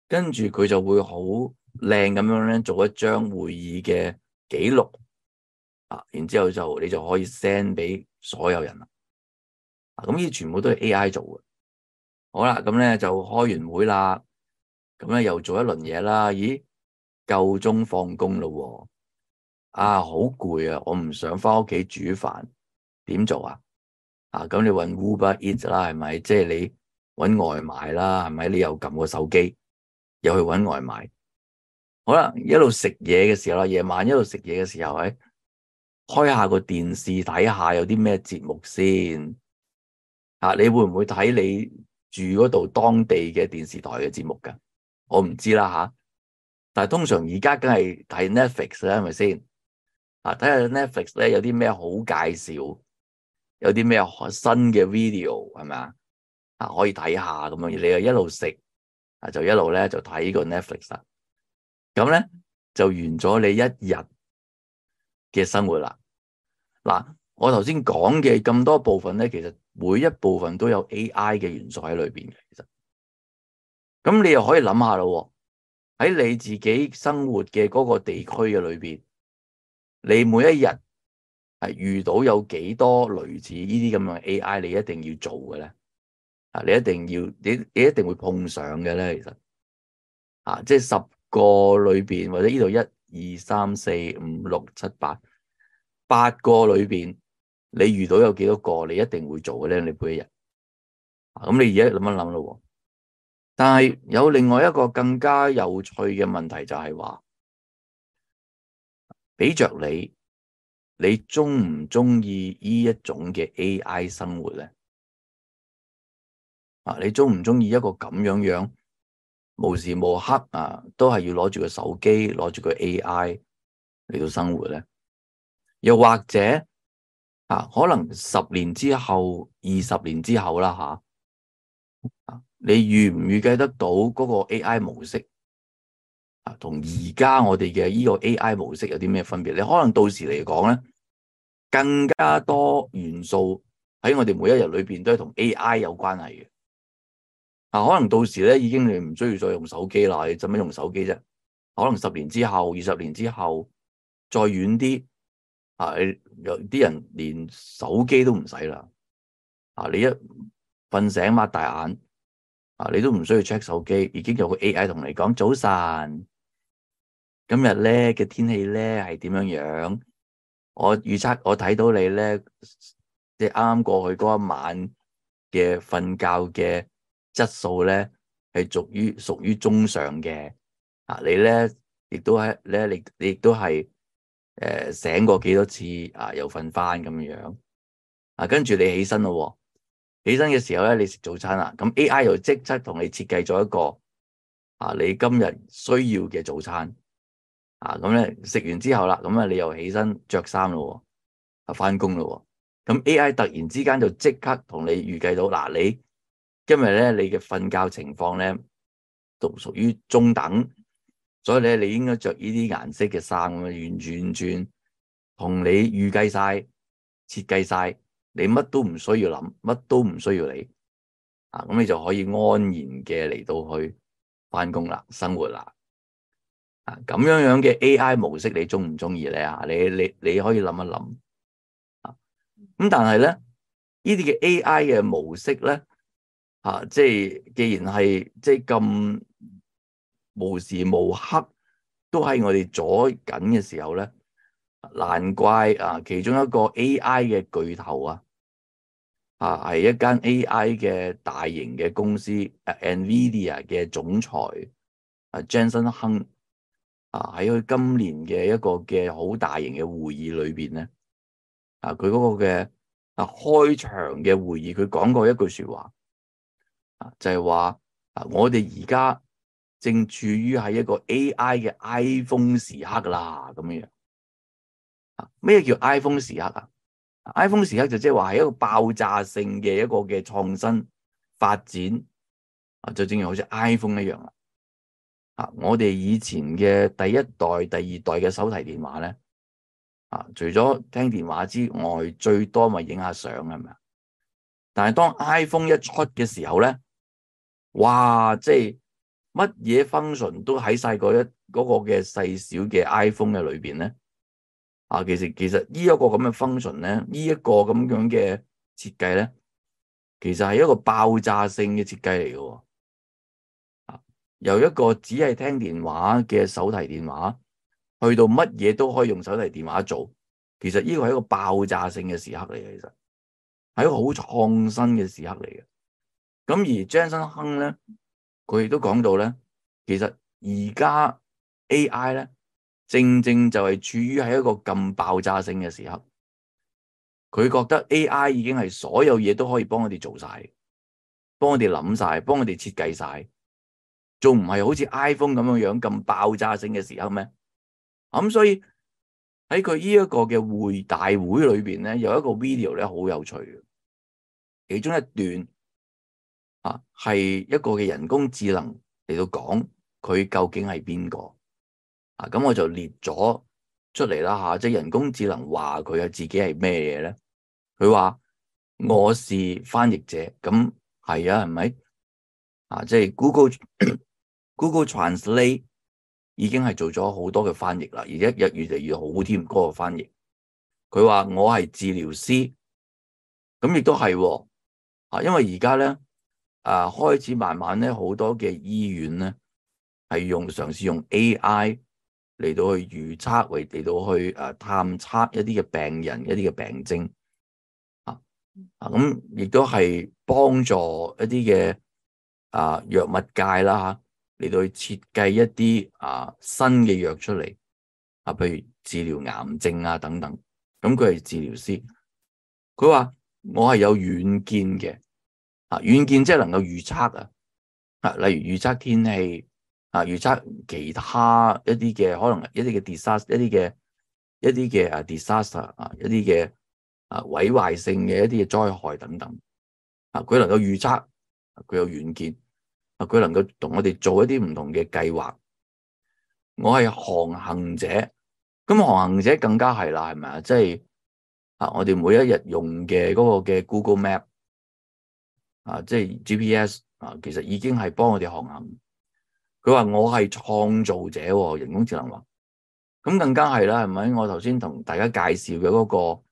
跟住佢就會好靚咁樣咧做一張會議嘅記錄啊！然之後就你就可以 send 俾所有人啦。啊，咁呢全部都係 AI 做嘅。好啦，咁咧就開完會啦，咁咧又做一輪嘢啦。咦，夠鐘放工咯喎！啊，好攰啊，我唔想返屋企煮飯。點做啊？啊，咁你搵 Uber Eats 啦，係咪？即係你搵外賣啦，係咪？你又撳個手機，又去搵外賣。好啦，一路食嘢嘅時候啦，夜晚一路食嘢嘅時候，喺、啊、開下個電視睇下有啲咩節目先。啊，你會唔會睇你住嗰度當地嘅電視台嘅節目噶？我唔知啦吓。但係通常而家梗係睇 Netflix 啦，係咪先？啊，睇下 Netflix 咧、啊、有啲咩好介紹。有啲咩新嘅 video 係咪啊？啊，可以睇下咁樣，你又一路食啊，就一路咧就睇個 Netflix 啦。咁咧就完咗你一日嘅生活啦。嗱、啊，我頭先講嘅咁多部分咧，其實每一部分都有 AI 嘅元素喺裏邊嘅。其實，咁你又可以諗下咯喎，喺你自己生活嘅嗰個地區嘅裏邊，你每一日。係遇到有幾多類似呢啲咁樣 AI，你一定要做嘅咧？啊，你一定要，你你一定會碰上嘅咧。其實，啊，即係十個裏邊，或者呢度一二三四五六七八，八個裏邊，你遇到有幾多個你一定會做嘅咧？你每一日，啊，咁你而家諗一諗咯。但係有另外一個更加有趣嘅問題就係話，俾着你。你鍾唔鍾意呢一種嘅 AI 生活咧？啊，你鍾唔鍾意一個咁樣樣，無時無刻啊都係要攞住個手機，攞住個 AI 嚟到生活咧？又或者啊，可能十年之後、二十年之後啦吓，啊，你預唔預計得到嗰個 AI 模式？同而家我哋嘅呢個 A.I 模式有啲咩分別？你可能到時嚟講咧，更加多元素喺我哋每一日裏邊都係同 A.I 有關係嘅。啊，可能到時咧已經你唔需要再用手機啦，你做乜用手機啫？可能十年之後、二十年之後，再遠啲，啊你有啲人連手機都唔使啦。啊，你一瞓醒擘大眼，啊你都唔需要 check 手機，已經有個 A.I 同你講早晨。今日咧嘅天氣咧係點樣樣？我預測我睇到你咧，即係啱啱過去嗰一晚嘅瞓覺嘅質素咧係屬於屬於中上嘅。啊，你咧亦都係咧，你你亦都係誒、呃、醒過幾多次啊，又瞓翻咁樣樣啊，跟住你起身咯喎，起身嘅時候咧你食早餐啦。咁 A.I. 又即刻同你設計咗一個啊，你今日需要嘅早餐。啊，咁咧食完之後啦，咁、嗯、啊你又起身着衫咯，啊翻工咯，咁、嗯、A.I. 突然之間就即刻同你預計到，嗱、啊、你今日咧你嘅瞓覺情況咧，都屬於中等，所以咧你，你應該着呢啲顏色嘅衫，咁樣完完全全同你預計晒、設計晒，你乜都唔需要諗，乜都唔需要理，啊咁、嗯、你就可以安然嘅嚟到去翻工啦，生活啦。咁樣樣嘅 AI 模式你喜喜，你中唔中意你啊？你你你可以諗一諗啊。咁但係咧，呢啲嘅 AI 嘅模式咧，啊，即係既然係即係咁無時無刻都喺我哋阻緊嘅時候咧，難怪啊，其中一個 AI 嘅巨頭啊，啊係一間 AI 嘅大型嘅公司，誒，Nvidia 嘅總裁啊，Jensen Huang。啊！喺佢今年嘅一個嘅好大型嘅會議裏邊咧，啊，佢嗰個嘅啊開場嘅會議，佢講過一句說話，啊，就係話啊，我哋而家正處於喺一個 AI 嘅 iPhone 時刻啦，咁樣樣。啊，咩叫 iPhone 時刻啊？iPhone 時刻就即係話係一個爆炸性嘅一個嘅創新發展，啊，就正如好似 iPhone 一樣啦。啊！我哋以前嘅第一代、第二代嘅手提電話咧，啊，除咗聽電話之外，最多咪影下相，係咪啊？但係當 iPhone 一出嘅時候咧，哇！即係乜嘢 function 都喺晒一嗰個嘅細小嘅 iPhone 嘅裏邊咧，啊！其實其實呢一個咁嘅 function 咧，呢一個咁樣嘅設計咧，其實係、這個、一個爆炸性嘅設計嚟嘅喎。由一個只係聽電話嘅手提電話，去到乜嘢都可以用手提電話做，其實呢個係一個爆炸性嘅時刻嚟嘅，其實係一個好創新嘅時刻嚟嘅。咁而張新亨咧，佢亦都講到咧，其實而家 A.I. 咧正正就係處於喺一個咁爆炸性嘅時刻，佢覺得 A.I. 已經係所有嘢都可以幫我哋做晒，幫我哋諗晒，幫我哋設計晒。仲唔係好似 iPhone 咁樣樣咁爆炸性嘅時候咩？咁所以喺佢呢一個嘅會大會裏邊咧，有一個 video 咧好有趣嘅，其中一段啊係一個嘅人工智能嚟到講佢究竟係邊個啊？咁我就列咗出嚟啦吓，即係人工智能話佢啊自己係咩嘢咧？佢話我是翻譯者，咁係啊，係咪啊？即係 Google。 Google Translate 已經係做咗好多嘅翻譯啦，而一日越嚟越好添嗰、嗰個翻譯。佢話我係治療師，咁亦都係喎啊！因為而家咧啊，開始慢慢咧好多嘅醫院咧係用嘗試用 AI 嚟到去預測，嚟嚟到去探測一啲嘅病人一啲嘅病症，啊啊！咁、嗯、亦、啊啊、都係幫助一啲嘅啊藥物界啦。啊嚟到去設計一啲啊新嘅藥出嚟啊，譬如治療癌症啊等等。咁佢係治療師，佢話我係有遠見嘅啊，遠見即係能夠預測啊啊，例如預測天氣啊，預測其他一啲嘅可能一啲嘅 disaster 一啲嘅一啲嘅啊 disaster 啊一啲嘅啊毀壞性嘅一啲嘅災害等等啊，佢能夠預測，佢有遠見。佢能夠同我哋做一啲唔同嘅計劃，我係航行者，咁航行者更加係啦，係咪啊？即係啊，我哋每一日用嘅嗰個嘅 Google Map 啊，即係 GPS 啊，其實已經係幫我哋航行。佢話我係創造者，人工智能話，咁更加係啦，係咪？我頭先同大家介紹嘅嗰個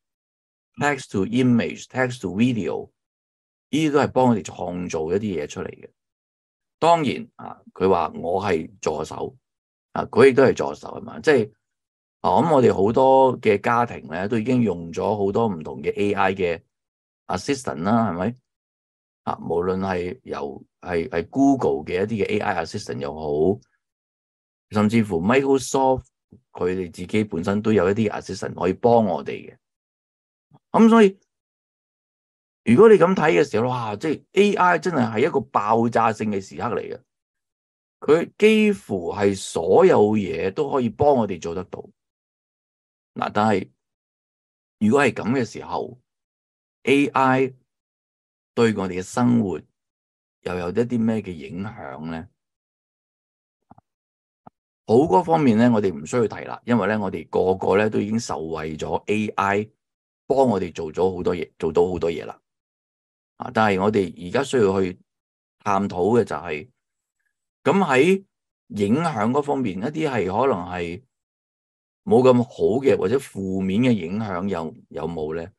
text to image，text to video，呢啲都係幫我哋創造一啲嘢出嚟嘅。當然啊，佢話我係助手啊，佢亦都係助手啊嘛，即係啊咁，我哋好多嘅家庭咧，都已經用咗好多唔同嘅 AI 嘅 assistant 啦，係咪啊？無論係由係係 Google 嘅一啲嘅 AI assistant 又好，甚至乎 Microsoft 佢哋自己本身都有一啲 assistant 可以幫我哋嘅，咁所以。如果你咁睇嘅時候，哇！即係 A.I. 真係係一個爆炸性嘅時刻嚟嘅，佢幾乎係所有嘢都可以幫我哋做得到。嗱，但係如果係咁嘅時候，A.I. 對我哋嘅生活又有一啲咩嘅影響咧？好嗰方面咧，我哋唔需要提啦，因為咧，我哋個個咧都已經受惠咗 A.I. 幫我哋做咗好多嘢，做到好多嘢啦。啊！但係我哋而家需要去探討嘅就係、是，咁喺影響嗰方面，一啲係可能係冇咁好嘅，或者負面嘅影響有有冇咧？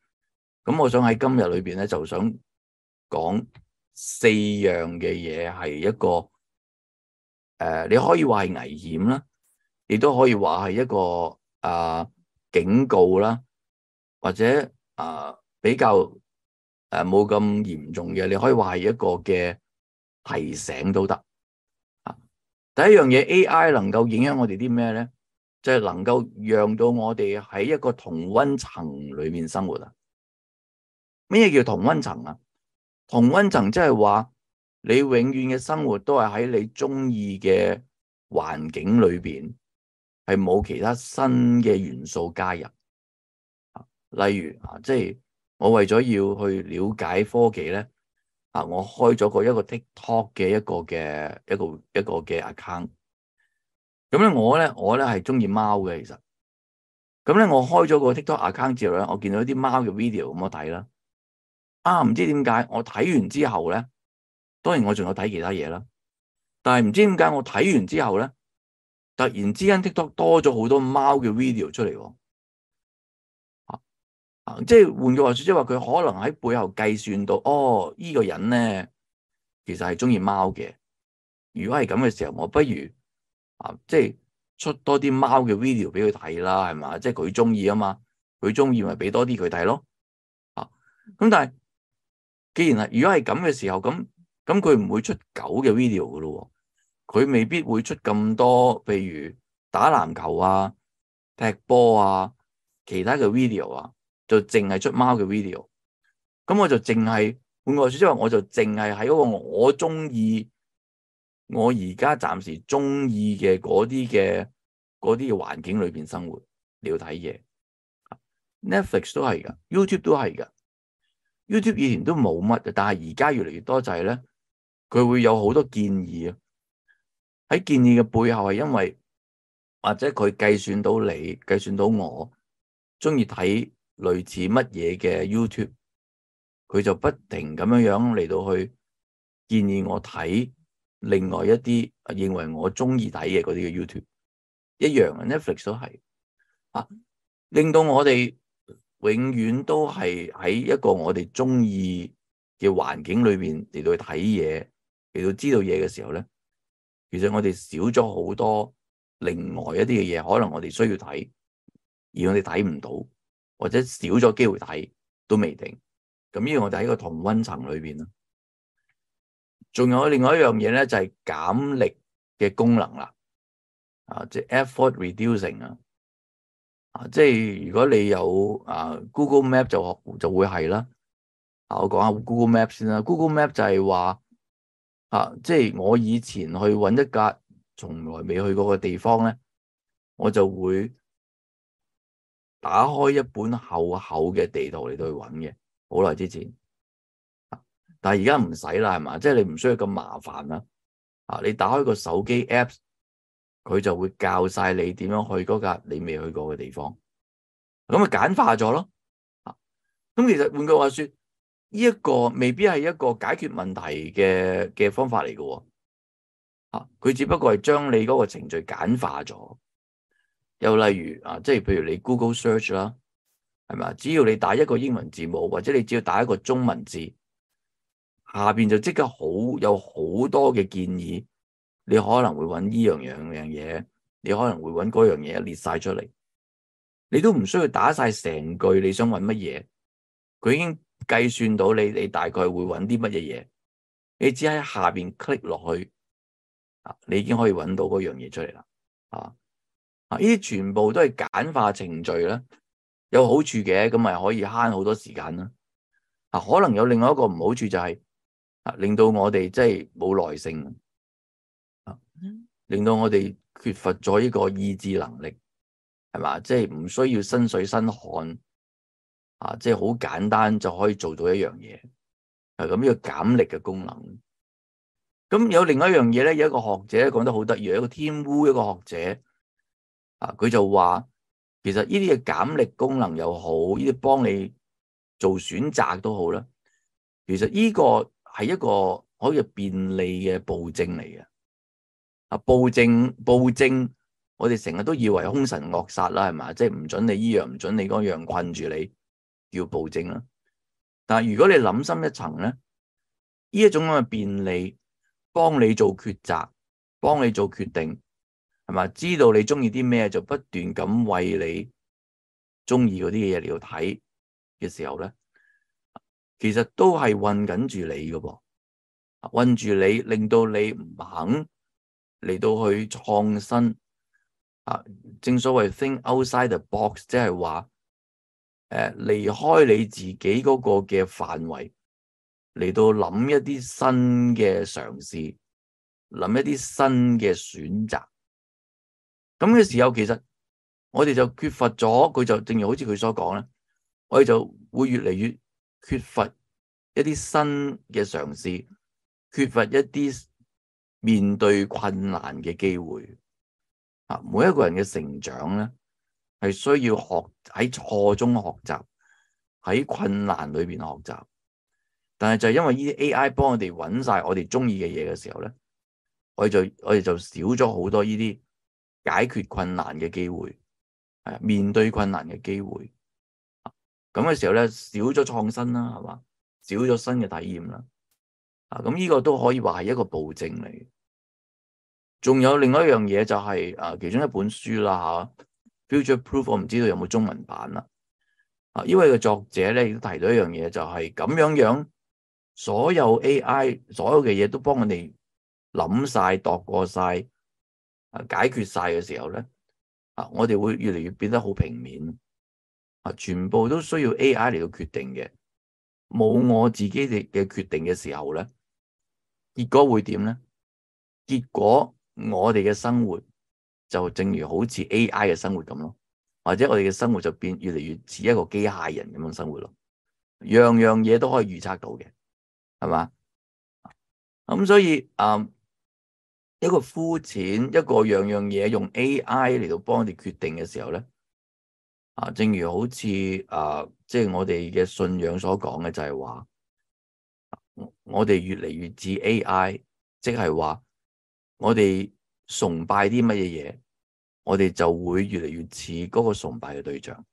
咁我想喺今日裏邊咧，就想講四樣嘅嘢係一個誒、呃，你可以話係危險啦，亦都可以話係一個啊、呃、警告啦，或者啊、呃、比較。誒、啊，冇咁嚴重嘅，你可以話係一個嘅提醒都得。啊，第一樣嘢 AI 能夠影響我哋啲咩咧？就係、是、能夠讓到我哋喺一個同温層裏面生活啊。咩嘢叫同温層啊？同温層即係話你永遠嘅生活都係喺你中意嘅環境裏邊，係冇其他新嘅元素加入。啊、例如啊，即、就、係、是。我為咗要去了解科技咧，啊！我開咗個一個 TikTok 嘅一個嘅一個一個嘅 account。咁咧我咧我咧係中意貓嘅其實。咁咧我開咗個 TikTok account 之後咧，我見到啲貓嘅 video 咁我睇啦。啊，唔知點解我睇完之後咧，當然我仲有睇其他嘢啦。但係唔知點解我睇完之後咧，突然之間 TikTok 多咗好多貓嘅 video 出嚟。即係換句話說，即係話佢可能喺背後計算到，哦，呢個人咧其實係中意貓嘅。如果係咁嘅時候，我不如啊，即係出多啲貓嘅 video 俾佢睇啦，係嘛？即係佢中意啊嘛，佢中意咪俾多啲佢睇咯。啊，咁但係既然係，如果係咁嘅時候，咁咁佢唔會出狗嘅 video 噶咯。佢未必會出咁多，譬如打籃球啊、踢波啊、其他嘅 video 啊。就淨係出貓嘅 video，咁我就淨係換句話說之外，即係我就淨係喺嗰個我中意，我而家暫時中意嘅嗰啲嘅嗰啲環境裡邊生活，你要睇嘢。Netflix 都係噶，YouTube 都係噶，YouTube 以前都冇乜嘅，但係而家越嚟越多就係咧，佢會有好多建議啊。喺建議嘅背後係因為，或者佢計算到你，計算到我中意睇。類似乜嘢嘅 YouTube，佢就不停咁樣樣嚟到去建議我睇另外一啲認為我中意睇嘅嗰啲嘅 YouTube，一樣 Netflix 都係，啊，令到我哋永遠都係喺一個我哋中意嘅環境裏面嚟到去睇嘢，嚟到知道嘢嘅時候咧，其實我哋少咗好多另外一啲嘅嘢，可能我哋需要睇而我哋睇唔到。或者少咗機會睇都未定，咁呢個我哋喺個同溫層裏邊啦。仲有另外一樣嘢咧，就係減力嘅功能啦。啊，即係 effort reducing 啊。啊，即係如果你有啊 Google Map 就就會係啦。啊，我講下 Google Map 先啦。Google Map 就係話啊，即係我以前去揾一間從來未去過嘅地方咧，我就會，打開一本厚厚嘅地圖你都去揾嘅，好耐之前，但係而家唔使啦，係嘛？即係你唔需要咁麻煩啦，啊！你打開個手機 apps，佢就會教晒你點樣去嗰架你未去過嘅地方，咁咪簡化咗咯，啊！咁其實換句話說，呢一個未必係一個解決問題嘅嘅方法嚟嘅，啊！佢只不過係將你嗰個程序簡化咗。又例如啊，即係譬如你 Google Search 啦，係咪？只要你打一個英文字母，或者你只要打一個中文字，下邊就即刻好有好多嘅建議。你可能會搵呢樣樣嘢，你可能會搵嗰樣嘢列晒出嚟。你都唔需要打晒成句你想搵乜嘢，佢已經計算到你，你大概會搵啲乜嘢嘢。你只喺下邊 click 落去啊，你已經可以搵到嗰樣嘢出嚟啦啊！啊！呢啲全部都係簡化程序啦，有好處嘅，咁咪可以慳好多時間啦。啊，可能有另外一個唔好處就係、是、啊，令到我哋即係冇耐性啊，令到我哋缺乏咗呢個意志能力，係嘛？即係唔需要身水身汗啊，即係好簡單就可以做到一樣嘢啊！咁、就、呢、是、個減力嘅功能，咁有另外一樣嘢咧，有一個學者講得好得意，有一個天烏一個學者。啊！佢就話，其實呢啲嘅減力功能又好，呢啲幫你做選擇都好啦。其實呢個係一個可以便利嘅暴政嚟嘅。啊，暴政暴政，我哋成日都以為兇神惡煞啦，係嘛？即係唔准你呢樣，唔准你嗰樣，困住你叫暴政啦。但係如果你諗深一層咧，呢一種咁嘅便利，幫你做抉擇，幫你做決定。係嘛？知道你中意啲咩，就不斷咁為你中意嗰啲嘢嚟到睇嘅時候咧，其實都係困緊住你㗎噃，困住你，令到你唔肯嚟到去創新。啊，正所謂 think outside the box，即係話誒，離開你自己嗰個嘅範圍嚟到諗一啲新嘅嘗試，諗一啲新嘅選擇。咁嘅時候，其實我哋就缺乏咗，佢就正如好似佢所講咧，我哋就會越嚟越缺乏一啲新嘅嘗試，缺乏一啲面對困難嘅機會。啊，每一個人嘅成長咧，係需要學喺錯中學習，喺困難裏邊學習。但係就因為呢啲 AI 幫我哋揾晒我哋中意嘅嘢嘅時候咧，我哋就我哋就少咗好多呢啲。解決困難嘅機會，係面對困難嘅機會，咁嘅時候咧，少咗創新啦，係嘛，少咗新嘅體驗啦，啊，咁呢個都可以話係一個暴政嚟。仲有另外一樣嘢就係、是、誒、啊，其中一本書啦吓、啊，Future Proof，我唔知道有冇中文版啦。啊，呢位嘅作者咧亦都提到一、就是、一樣嘢，就係咁樣樣，所有 AI 所有嘅嘢都幫我哋諗晒，度過晒。啊！解決晒嘅時候咧，啊，我哋會越嚟越變得好平面，啊，全部都需要 A.I. 嚟到決定嘅，冇我自己嘅嘅決定嘅時候咧，結果會點咧？結果我哋嘅生活就正如好似 A.I. 嘅生活咁咯，或者我哋嘅生活就變越嚟越似一個機械人咁樣的生活咯，樣樣嘢都可以預測到嘅，係嘛？咁所以啊。一個膚淺，一個樣樣嘢用 A.I. 嚟到幫我哋決定嘅時候咧，啊，正如好似啊，即、呃、係、就是、我哋嘅信仰所講嘅，就係話我哋越嚟越似 A.I.，即係話我哋崇拜啲乜嘢嘢，我哋就會越嚟越似嗰個崇拜嘅對象。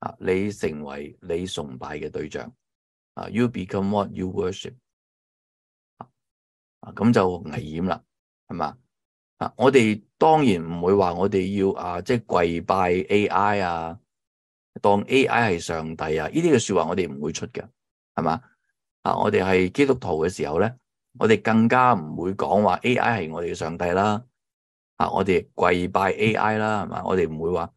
啊，你成為你崇拜嘅對象，啊，you become what you worship。啊，啊咁就危險啦。係嘛啊！我哋當然唔會話我哋要啊，即係跪拜 AI 啊，當 AI 係上帝啊！呢啲嘅說話我哋唔會出嘅，係嘛啊！我哋係基督徒嘅時候咧，我哋更加唔會講話 AI 係我哋嘅上帝啦。啊！我哋跪拜 AI 啦，係嘛？我哋唔會話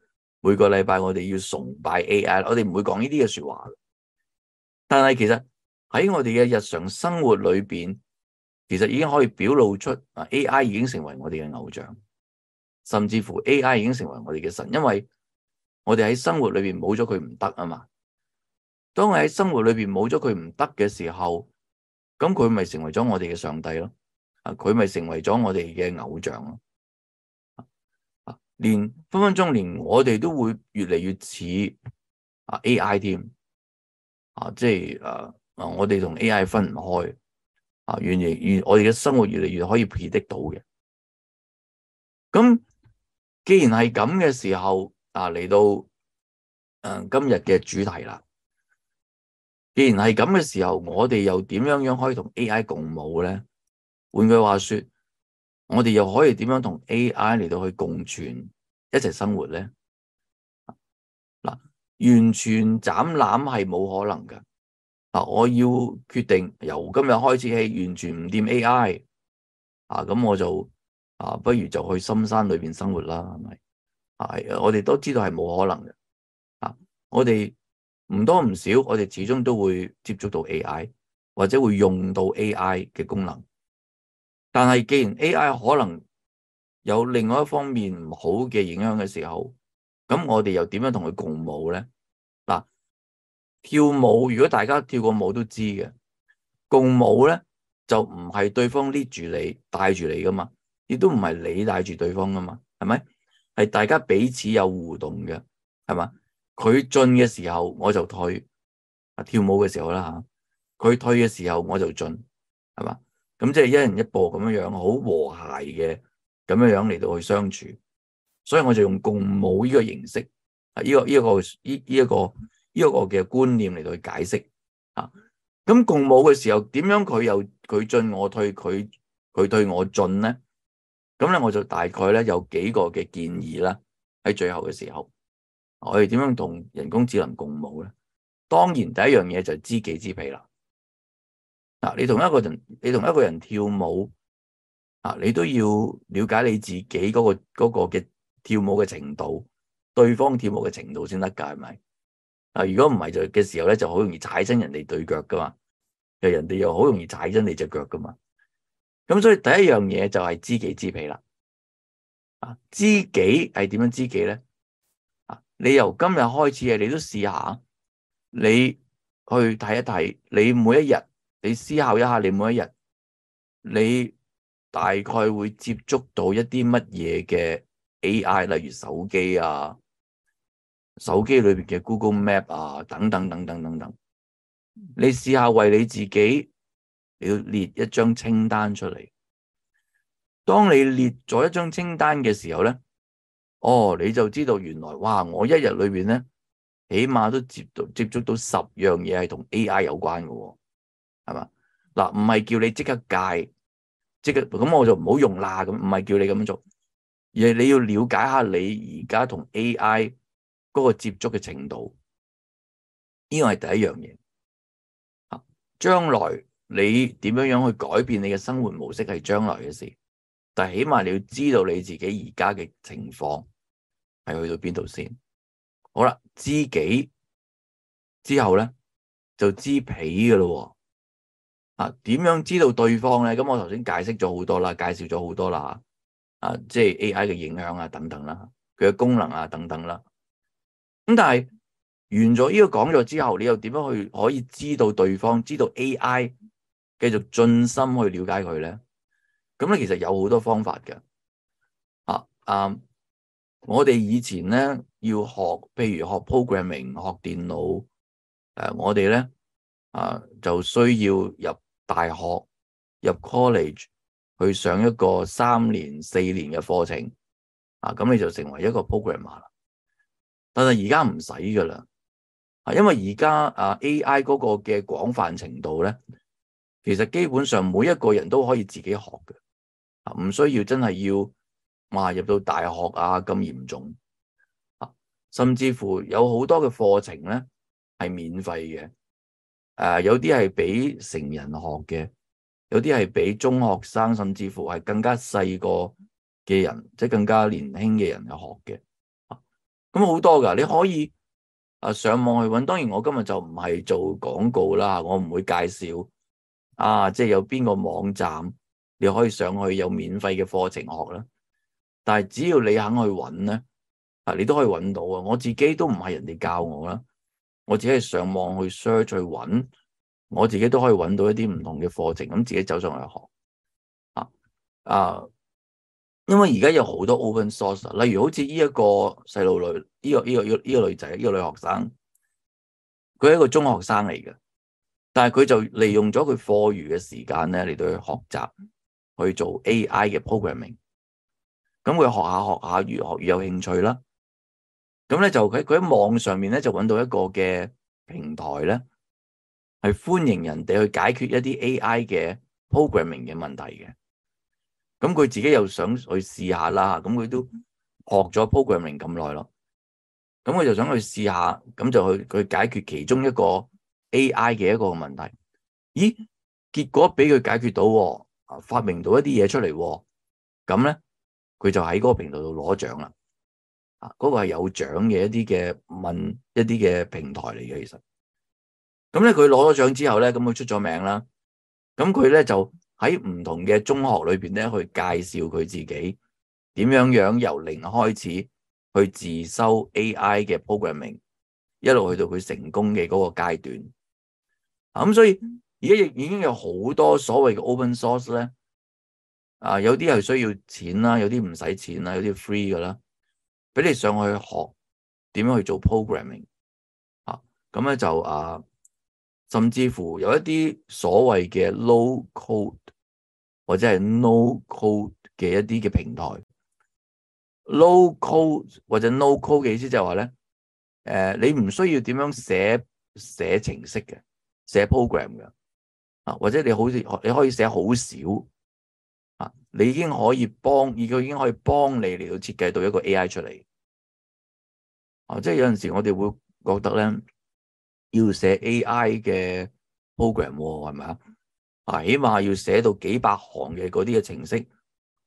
每個禮拜我哋要崇拜 AI，我哋唔會講呢啲嘅說話。但係其實喺我哋嘅日常生活裏邊。其實已經可以表露出，啊，A.I. 已經成為我哋嘅偶像，甚至乎 A.I. 已經成為我哋嘅神，因為我哋喺生活裏邊冇咗佢唔得啊嘛。當我喺生活裏邊冇咗佢唔得嘅時候，咁佢咪成為咗我哋嘅上帝咯？啊，佢咪成為咗我哋嘅偶像咯？連分分鐘，連我哋都會越嚟越似啊 A.I. 添，啊，即係誒，我哋同 A.I. 分唔開。啊，原嚟越我哋嘅生活越嚟越，越可以配得到嘅。咁既然係咁嘅時候，啊嚟到誒、嗯、今日嘅主題啦。既然係咁嘅時候，我哋又點樣樣可以同 AI 共舞咧？換句話說，我哋又可以點樣同 AI 嚟到去共存一齊生活咧？嗱、啊，完全斬纜係冇可能㗎。啊！我要決定由今日開始起完全唔掂 AI 啊！咁我就啊，不如就去深山裏邊生活啦，係咪？係我哋都知道係冇可能嘅。啊！我哋唔多唔少，我哋始終都會接觸到 AI 或者會用到 AI 嘅功能。但係既然 AI 可能有另外一方面唔好嘅影響嘅時候，咁我哋又點樣同佢共舞咧？跳舞，如果大家跳過舞都知嘅，共舞咧就唔係對方 lift 住你帶住你噶嘛，亦都唔係你帶住對方噶嘛，係咪？係大家彼此有互動嘅，係嘛？佢進嘅時候我就退，啊跳舞嘅時候啦吓，佢退嘅時候我就進，係嘛？咁即係一人一步咁樣樣，好和諧嘅咁樣樣嚟到去相處，所以我就用共舞呢個形式，啊呢個呢個呢呢一個。這個這個呢、這、一個嘅觀念嚟到去解釋啊，咁共舞嘅時候點樣佢又佢進我退，佢佢退我進咧？咁咧我就大概咧有幾個嘅建議啦。喺最後嘅時候，我哋點樣同人工智能共舞咧？當然第一樣嘢就係知己知彼啦。嗱、啊，你同一個人，你同一個人跳舞啊，你都要了解你自己嗰、那個、那個嘅跳舞嘅程度，對方跳舞嘅程度先得噶，係咪？啊！如果唔係就嘅時候咧，就好容易踩親人哋對腳噶嘛，人哋又好容易踩親你隻腳噶嘛。咁所以第一樣嘢就係知己知彼啦。啊，知己係點樣知己咧？啊，你由今日開始啊，你都試下，你去睇一睇，你每一日，你思考一下，你每一日，你大概會接觸到一啲乜嘢嘅 AI，例如手機啊。手機裏邊嘅 Google Map 啊，等等等等等等，你試下為你自己，你要列一張清單出嚟。當你列咗一張清單嘅時候咧，哦，你就知道原來哇，我一日裏邊咧，起碼都接，接觸接觸到十樣嘢係同 AI 有關嘅喎，係嘛？嗱，唔係叫你即刻戒，即刻咁我就唔好用啦。咁唔係叫你咁樣做，而係你要了解下你而家同 AI。嗰個接觸嘅程度，呢個係第一樣嘢。啊，將來你點樣樣去改變你嘅生活模式係將來嘅事，但係起碼你要知道你自己而家嘅情況係去到邊度先。好啦，知己之後咧就知彼嘅啦。啊，點樣知道對方咧？咁我頭先解釋咗好多啦，介紹咗好多啦。啊，即係 AI 嘅影響啊，等等啦，佢嘅功能啊，等等啦。咁但係完咗呢個講座之後，你又點樣去可以知道對方知道 AI 繼續盡心去了解佢咧？咁咧其實有好多方法嘅、啊。啊，我哋以前咧要學，譬如學 programming、學電腦，誒、啊，我哋咧啊就需要入大學入 college 去上一個三年四年嘅課程，啊，咁你就成為一個 programmer 啦。但係而家唔使噶啦，啊，因為而家啊 AI 嗰個嘅廣泛程度咧，其實基本上每一個人都可以自己學嘅，啊，唔需要真係要埋入到大學啊咁嚴重，啊，甚至乎有好多嘅課程咧係免費嘅，誒，有啲係俾成人學嘅，有啲係俾中學生，甚至乎係更加細個嘅人，即係更加年輕嘅人去學嘅。咁好多噶，你可以啊上網去揾。當然我今日就唔係做廣告啦，我唔會介紹啊，即係有邊個網站你可以上去有免費嘅課程學啦。但係只要你肯去揾咧，啊你都可以揾到啊。我自己都唔係人哋教我啦，我自己係上網去 search 去揾，我自己都可以揾到一啲唔同嘅課程，咁自己走上去學啊啊！啊因為而家有好多 open source，例如好似呢一個細路女，呢、呢個、呢個、呢個呢個女仔，呢、呢個女學生，佢係一個中學生嚟嘅，但係佢就利用咗佢課餘嘅時間咧嚟到去學習，去做 AI 嘅 programming。咁佢學下學下，越學越有興趣啦。咁咧就佢佢喺網上面咧就揾到一個嘅平台咧，係歡迎人哋去解決一啲 AI 嘅 programming 嘅問題嘅。咁佢自己又想去試下啦，咁佢都學咗 programming 咁耐咯，咁佢就想去試下，咁就去解決其中一個 AI 嘅一個問題，咦？結果俾佢解決到，啊發明到一啲嘢出嚟，咁咧佢就喺嗰個平台度攞獎啦，啊嗰個係有獎嘅一啲嘅問一啲嘅平台嚟嘅，其實，咁咧佢攞咗獎之後咧，咁佢出咗名啦，咁佢咧就。喺唔同嘅中學裏邊咧，去介紹佢自己點樣樣由零開始去自修 AI 嘅 programming，一路去到佢成功嘅嗰個階段。咁、啊、所以而家亦已經有好多所謂嘅 open source 咧，啊有啲係需要錢啦，有啲唔使錢啦，有啲 free 噶啦，俾你上去學點樣去做 programming 啊。啊，咁咧就啊。甚至乎有一啲所謂嘅 low code 或者係 no code 嘅一啲嘅平台，low code 或者 no code 嘅意思就係話咧，誒你唔需要點樣寫寫程式嘅，寫 program 嘅，啊或者你好似你可以寫好少，啊你已經可以幫，而佢已經可以幫你嚟到設計到一個 AI 出嚟，啊即係有陣時我哋會覺得咧。要寫 AI 嘅 program 係咪啊？啊，起碼要寫到幾百行嘅嗰啲嘅程式，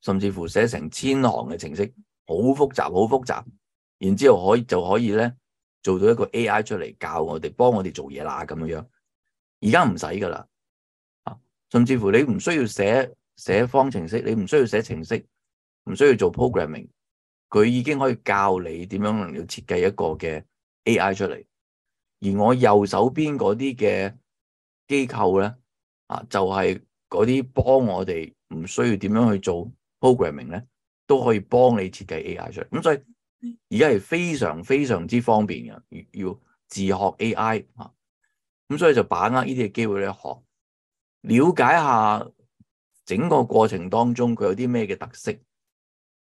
甚至乎寫成千行嘅程式，好複雜，好複雜。然之後可以就可以咧做到一個 AI 出嚟，教我哋，幫我哋做嘢啦咁樣。而家唔使噶啦，啊，甚至乎你唔需要寫寫方程式，你唔需要寫程式，唔需要做 programming，佢已經可以教你點樣要設計一個嘅 AI 出嚟。而我右手邊嗰啲嘅機構咧，啊，就係嗰啲幫我哋唔需要點樣去做 programming 咧，都可以幫你設計 AI 出嚟。咁所以而家係非常非常之方便嘅，要自學 AI。咁所以就把握呢啲嘅機會咧，學了解下整個過程當中佢有啲咩嘅特色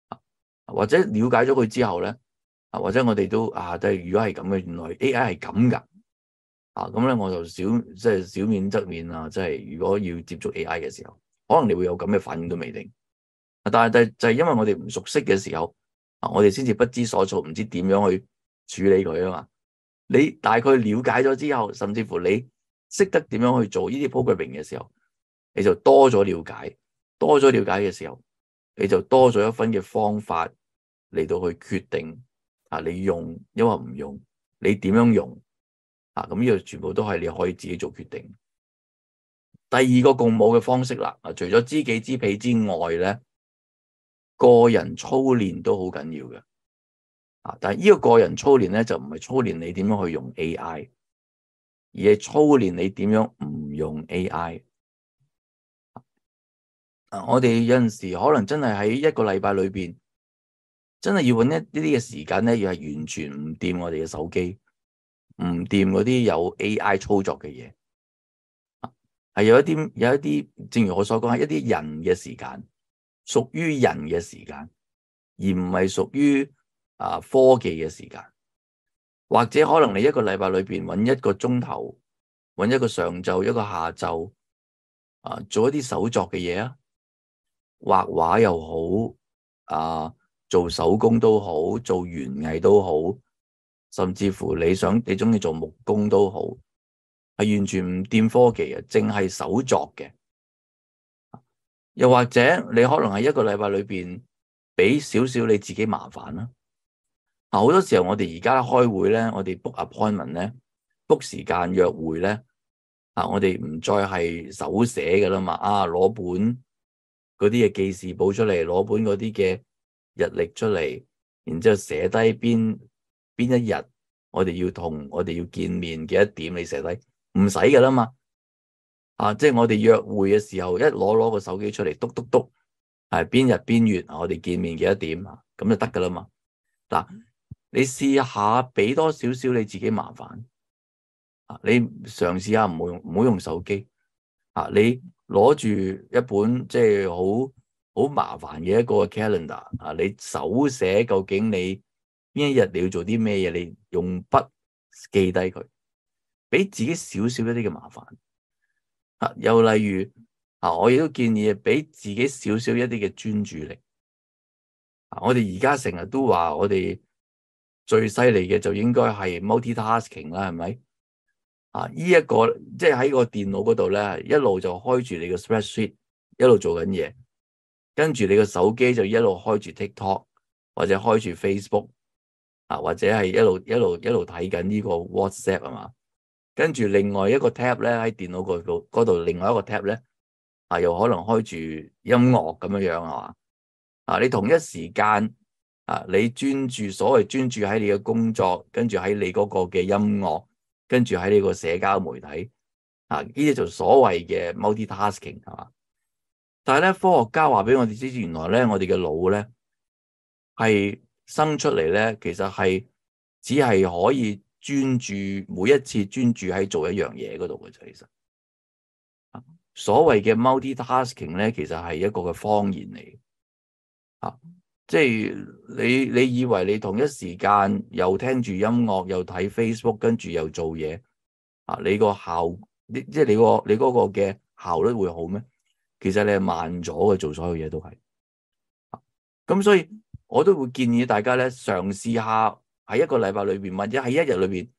啊，或者了解咗佢之後咧。或者我哋都啊，都係如果係咁嘅，原來 A.I. 係咁噶啊咁咧，我就少即係少面側面啊，即係如果要接觸 A.I. 嘅時候，可能你會有咁嘅反應都未定，啊，但係就就係因為我哋唔熟悉嘅時候，啊，我哋先至不知所措，唔知點樣去處理佢啊嘛。你大概了解咗之後，甚至乎你識得點樣去做呢啲 programming 嘅時候，你就多咗了解，多咗了解嘅時候，你就多咗一分嘅方法嚟到去決定。啊！你用，因為唔用，你點樣用？啊，咁呢個全部都係你可以自己做決定。第二個共舞嘅方式啦，啊，除咗知己知彼之外咧，個人操練都好緊要嘅。啊，但係呢個個人操練咧，就唔係操練你點樣去用 AI，而係操練你點樣唔用 AI。啊，我哋有陣時可能真係喺一個禮拜裏邊。真係要搵一啲啲嘅時間咧，要係完全唔掂我哋嘅手機，唔掂嗰啲有 A.I. 操作嘅嘢，係有一啲有一啲，正如我所講，係一啲人嘅時間，屬於人嘅時間，而唔係屬於啊科技嘅時間。或者可能你一個禮拜裏邊搵一個鐘頭，搵一個上晝一個下晝，啊，做一啲手作嘅嘢啊，畫畫又好啊。做手工都好，做園藝都好，甚至乎你想你中意做木工都好，係完全唔掂科技嘅，淨係手作嘅。又或者你可能係一個禮拜裏邊俾少少你自己麻煩啦。啊，好多時候我哋而家開會咧，我哋 book appointment 咧，book 時間約會咧，啊，我哋唔再係手寫噶啦嘛，啊，攞本嗰啲嘅記事簿出嚟，攞本嗰啲嘅。日曆出嚟，然之後寫低邊邊一日，我哋要同我哋要見面嘅一點，你寫低唔使噶啦嘛。啊，即係我哋約會嘅時候，一攞攞個手機出嚟，督督督，係邊、啊、日邊月，我哋見面嘅一點，咁、啊、就得噶啦嘛。嗱、啊，你試下俾多少少你自己麻煩啊，你嘗試下唔好用唔好用手機啊，你攞住一本即係好。好麻煩嘅一個 calendar 啊！你手寫究竟你邊一日你要做啲咩嘢？你用筆記低佢，俾自己少少一啲嘅麻煩啊！又例如啊，我亦都建議俾自己少少一啲嘅專注力啊！我哋而家成日都話我哋最犀利嘅就應該係 multi-tasking 啦，係咪啊？呢一個即係喺個電腦嗰度咧，一路就開住你個 spreadsheet，一路做緊嘢。跟住你個手機就一路開住 TikTok 或者開住 Facebook 啊，或者係一路一路一路睇緊呢個 WhatsApp 係嘛？跟住另外一個 tab 咧，喺電腦度嗰度，另外一個 tab 咧啊，又可能開住音樂咁樣樣係嘛？啊，你同一時間啊，你專注，所謂專注喺你嘅工作，跟住喺你嗰個嘅音樂，跟住喺你個社交媒體啊，呢啲就所謂嘅 multi-tasking 係嘛？但係咧，科學家話俾我哋知，原來咧，我哋嘅腦咧係生出嚟咧，其實係只係可以專注每一次專注喺做一樣嘢嗰度嘅啫。其實所謂嘅 multi-tasking 咧，其實係一個嘅謊言嚟。啊，即係你你以為你同一時間又聽住音樂又睇 Facebook 跟住又做嘢啊？你個效，即係你個你嗰個嘅效率會好咩？其實你係慢咗嘅，做所有嘢都係，咁所以我都會建議大家咧嘗試下喺一個禮拜裏邊，或者喺一日裏邊，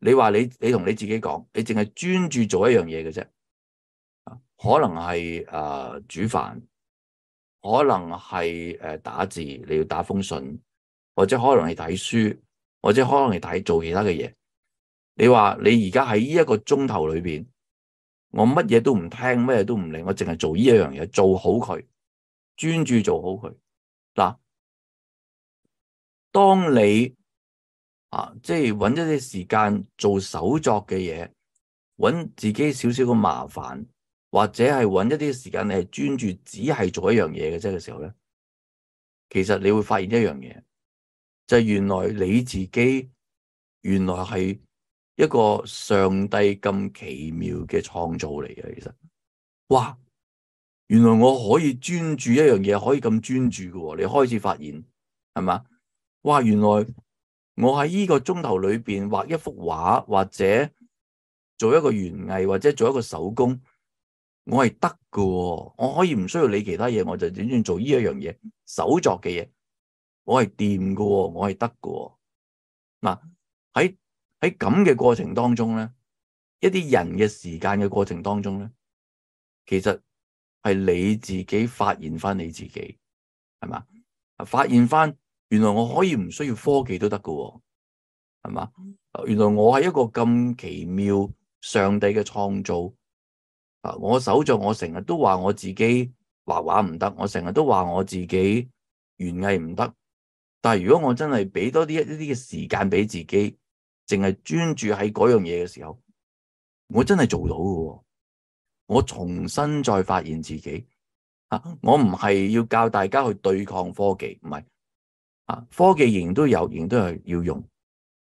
你話你你同你自己講，你淨係專注做一樣嘢嘅啫，可能係誒、呃、煮飯，可能係誒打字，你要打封信，或者可能係睇書，或者可能係睇做其他嘅嘢。你話你而家喺呢一個鐘頭裏邊，我乜嘢都唔聽，乜嘢都唔理，我淨係做呢一樣嘢，做好佢，專注做好佢。嗱，當你啊，即係搵一啲時間做手作嘅嘢，搵自己少少嘅麻煩，或者係搵一啲時間，你係專注只係做一樣嘢嘅啫嘅時候咧，其實你會發現一樣嘢，就係原來你自己原來係。一個上帝咁奇妙嘅創造嚟嘅，其實，哇！原來我可以專注一樣嘢，可以咁專注嘅，哦，你開始發現係嘛？哇！原來我喺呢個鐘頭裏邊畫一幅畫，或者做一個園藝，或者做一個手工，我係得喎。我可以唔需要理其他嘢，我就專專做呢一樣嘢手作嘅嘢，我係掂喎，我係得嘅。嗱、啊、喺。喺咁嘅過程當中咧，一啲人嘅時間嘅過程當中咧，其實係你自己發現翻你自己，係嘛？發現翻原來我可以唔需要科技都得嘅，係嘛？原來我係一個咁奇妙上帝嘅創造啊！我手作我成日都話我自己畫畫唔得，我成日都話我自己園藝唔得，但係如果我真係俾多啲一啲嘅時間俾自己。淨係專注喺嗰樣嘢嘅時候，我真係做到喎。我重新再發現自己啊！我唔係要教大家去對抗科技，唔係啊！科技仍然都有，仍然都係要用。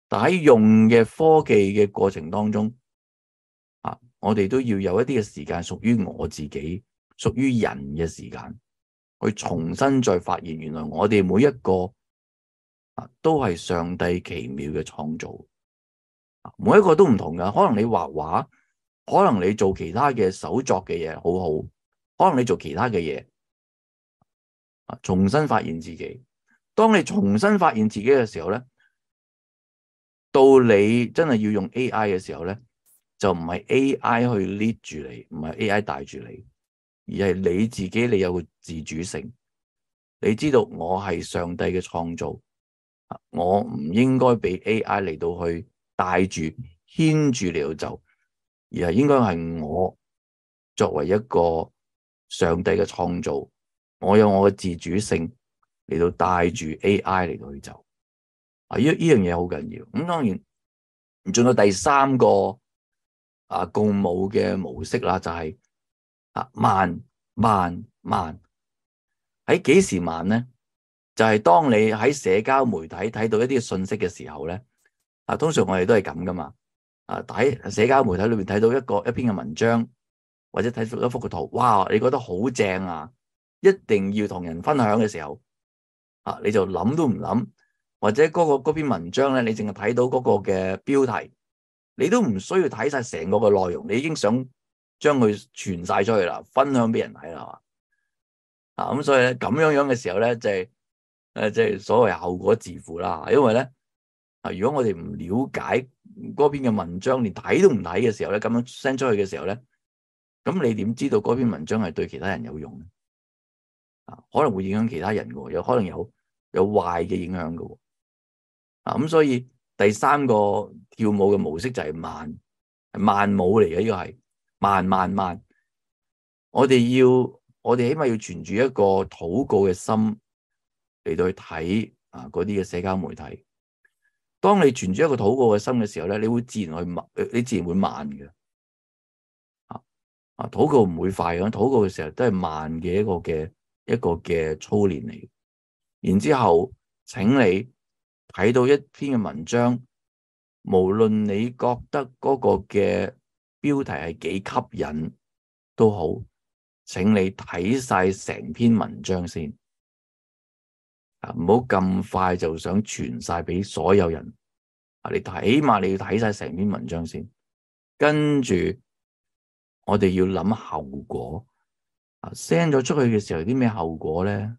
但喺用嘅科技嘅過程當中，啊，我哋都要有一啲嘅時間屬於我自己，屬於人嘅時間，去重新再發現原來我哋每一個啊，都係上帝奇妙嘅創造。每一個都唔同噶，可能你畫畫，可能你做其他嘅手作嘅嘢，好好，可能你做其他嘅嘢，啊，重新發現自己。當你重新發現自己嘅時候咧，到你真係要用 AI 嘅時候咧，就唔係 AI 去 lead 住你，唔係 AI 帶住你，而係你自己，你有個自主性。你知道我係上帝嘅創造，我唔應該俾 AI 嚟到去帶住牽住嚟到走，而係應該係我作為一個上帝嘅創造，我有我嘅自主性嚟到帶住 A.I. 嚟到去走。啊，呢呢樣嘢好緊要。咁當然，進到第三個啊共舞嘅模式啦，就係啊慢慢慢，喺幾時慢咧？就係、是，當你喺社交媒體睇到一啲信息嘅時候咧。啊，通常我哋都係咁噶嘛，啊，喺社交媒體裏邊睇到一個一篇嘅文章，或者睇到一幅嘅圖，哇，你覺得好正啊，一定要同人分享嘅時候，啊，你就諗都唔諗，或者嗰、嗰個嗰篇文章咧，你淨係睇到嗰個嘅標題，你都唔需要睇晒成個嘅內容，你已經想將佢傳晒出去啦，分享俾人睇啦嘛，啊，咁、嗯、所以咧咁樣樣嘅時候咧，就係、是、誒、即、就、係、是、所謂後果自負啦，因為咧。啊！如果我哋唔了解嗰篇嘅文章，連睇都唔睇嘅時候咧，咁樣 send 出去嘅時候咧，咁你點知道嗰篇文章係對其他人有用咧？啊，可能會影響其他人喎，有可能有有壞嘅影響㗎啊，咁所以第三個跳舞嘅模式就係慢，慢舞嚟嘅，呢個係慢慢慢。我哋要我哋起碼要存住一個禱告嘅心嚟到去睇啊嗰啲嘅社交媒體。當你存住一個禱告的心的時候咧，你會自然去慢，你自然會慢的啊啊，禱告唔會快的，禱告的時候都是慢的一個嘅一個嘅操練嚟。然之後，請你睇到一篇嘅文章，無論你覺得那個的標題是幾吸引都好，請你睇晒成篇文章先。啊！唔好咁快就想傳晒俾所有人。啊！你睇起碼你要睇晒成篇文章先，跟住我哋要諗後果。啊！send 咗出去嘅時候，有啲咩後果咧？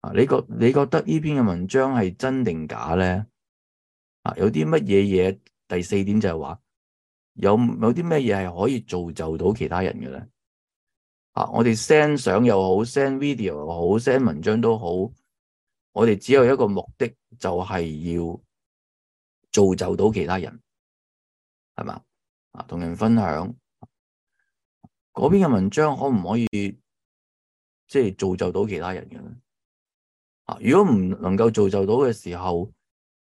啊！你覺你覺得呢篇嘅文章係真定假咧？啊！有啲乜嘢嘢？第四點就係話，有有啲咩嘢係可以造就到其他人嘅咧？啊！我哋 send 相又好，send video 又好，send 文章都好。我哋只有一個目的，就係、是、要造就到其他人，係嘛？啊，同人分享嗰邊嘅文章，可唔可以即係、就是、造就到其他人嘅咧？啊，如果唔能夠造就到嘅時候，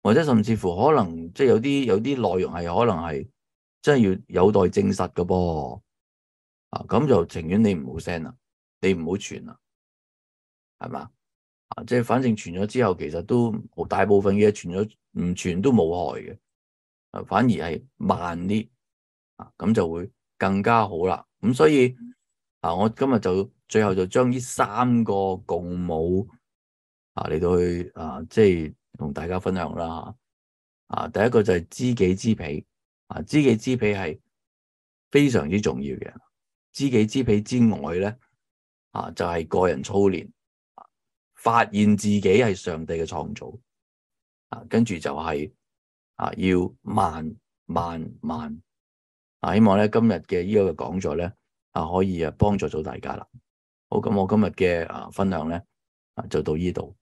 或者甚至乎可能即係、就是、有啲有啲內容係可能係真係要有待證實嘅噃，啊，咁就情願你唔好 send 啦，你唔好傳啦，係嘛？啊，即係反正傳咗之後，其實都大部分嘅嘢傳咗唔傳都冇害嘅，啊反而係慢啲啊，咁就會更加好啦。咁所以啊，我今日就最後就將呢三個共舞啊嚟到去啊，即係同大家分享啦。吓啊，第一個就係知己知彼啊，知己知彼係非常之重要嘅。知己知彼之外咧，啊就係、是、個人操練。發現自己係上帝嘅創造，啊，跟住就係啊，要慢慢慢啊，希望咧今日嘅呢個講座咧啊，可以啊幫助到大家啦。好，咁我今日嘅啊分享咧啊，就到呢度。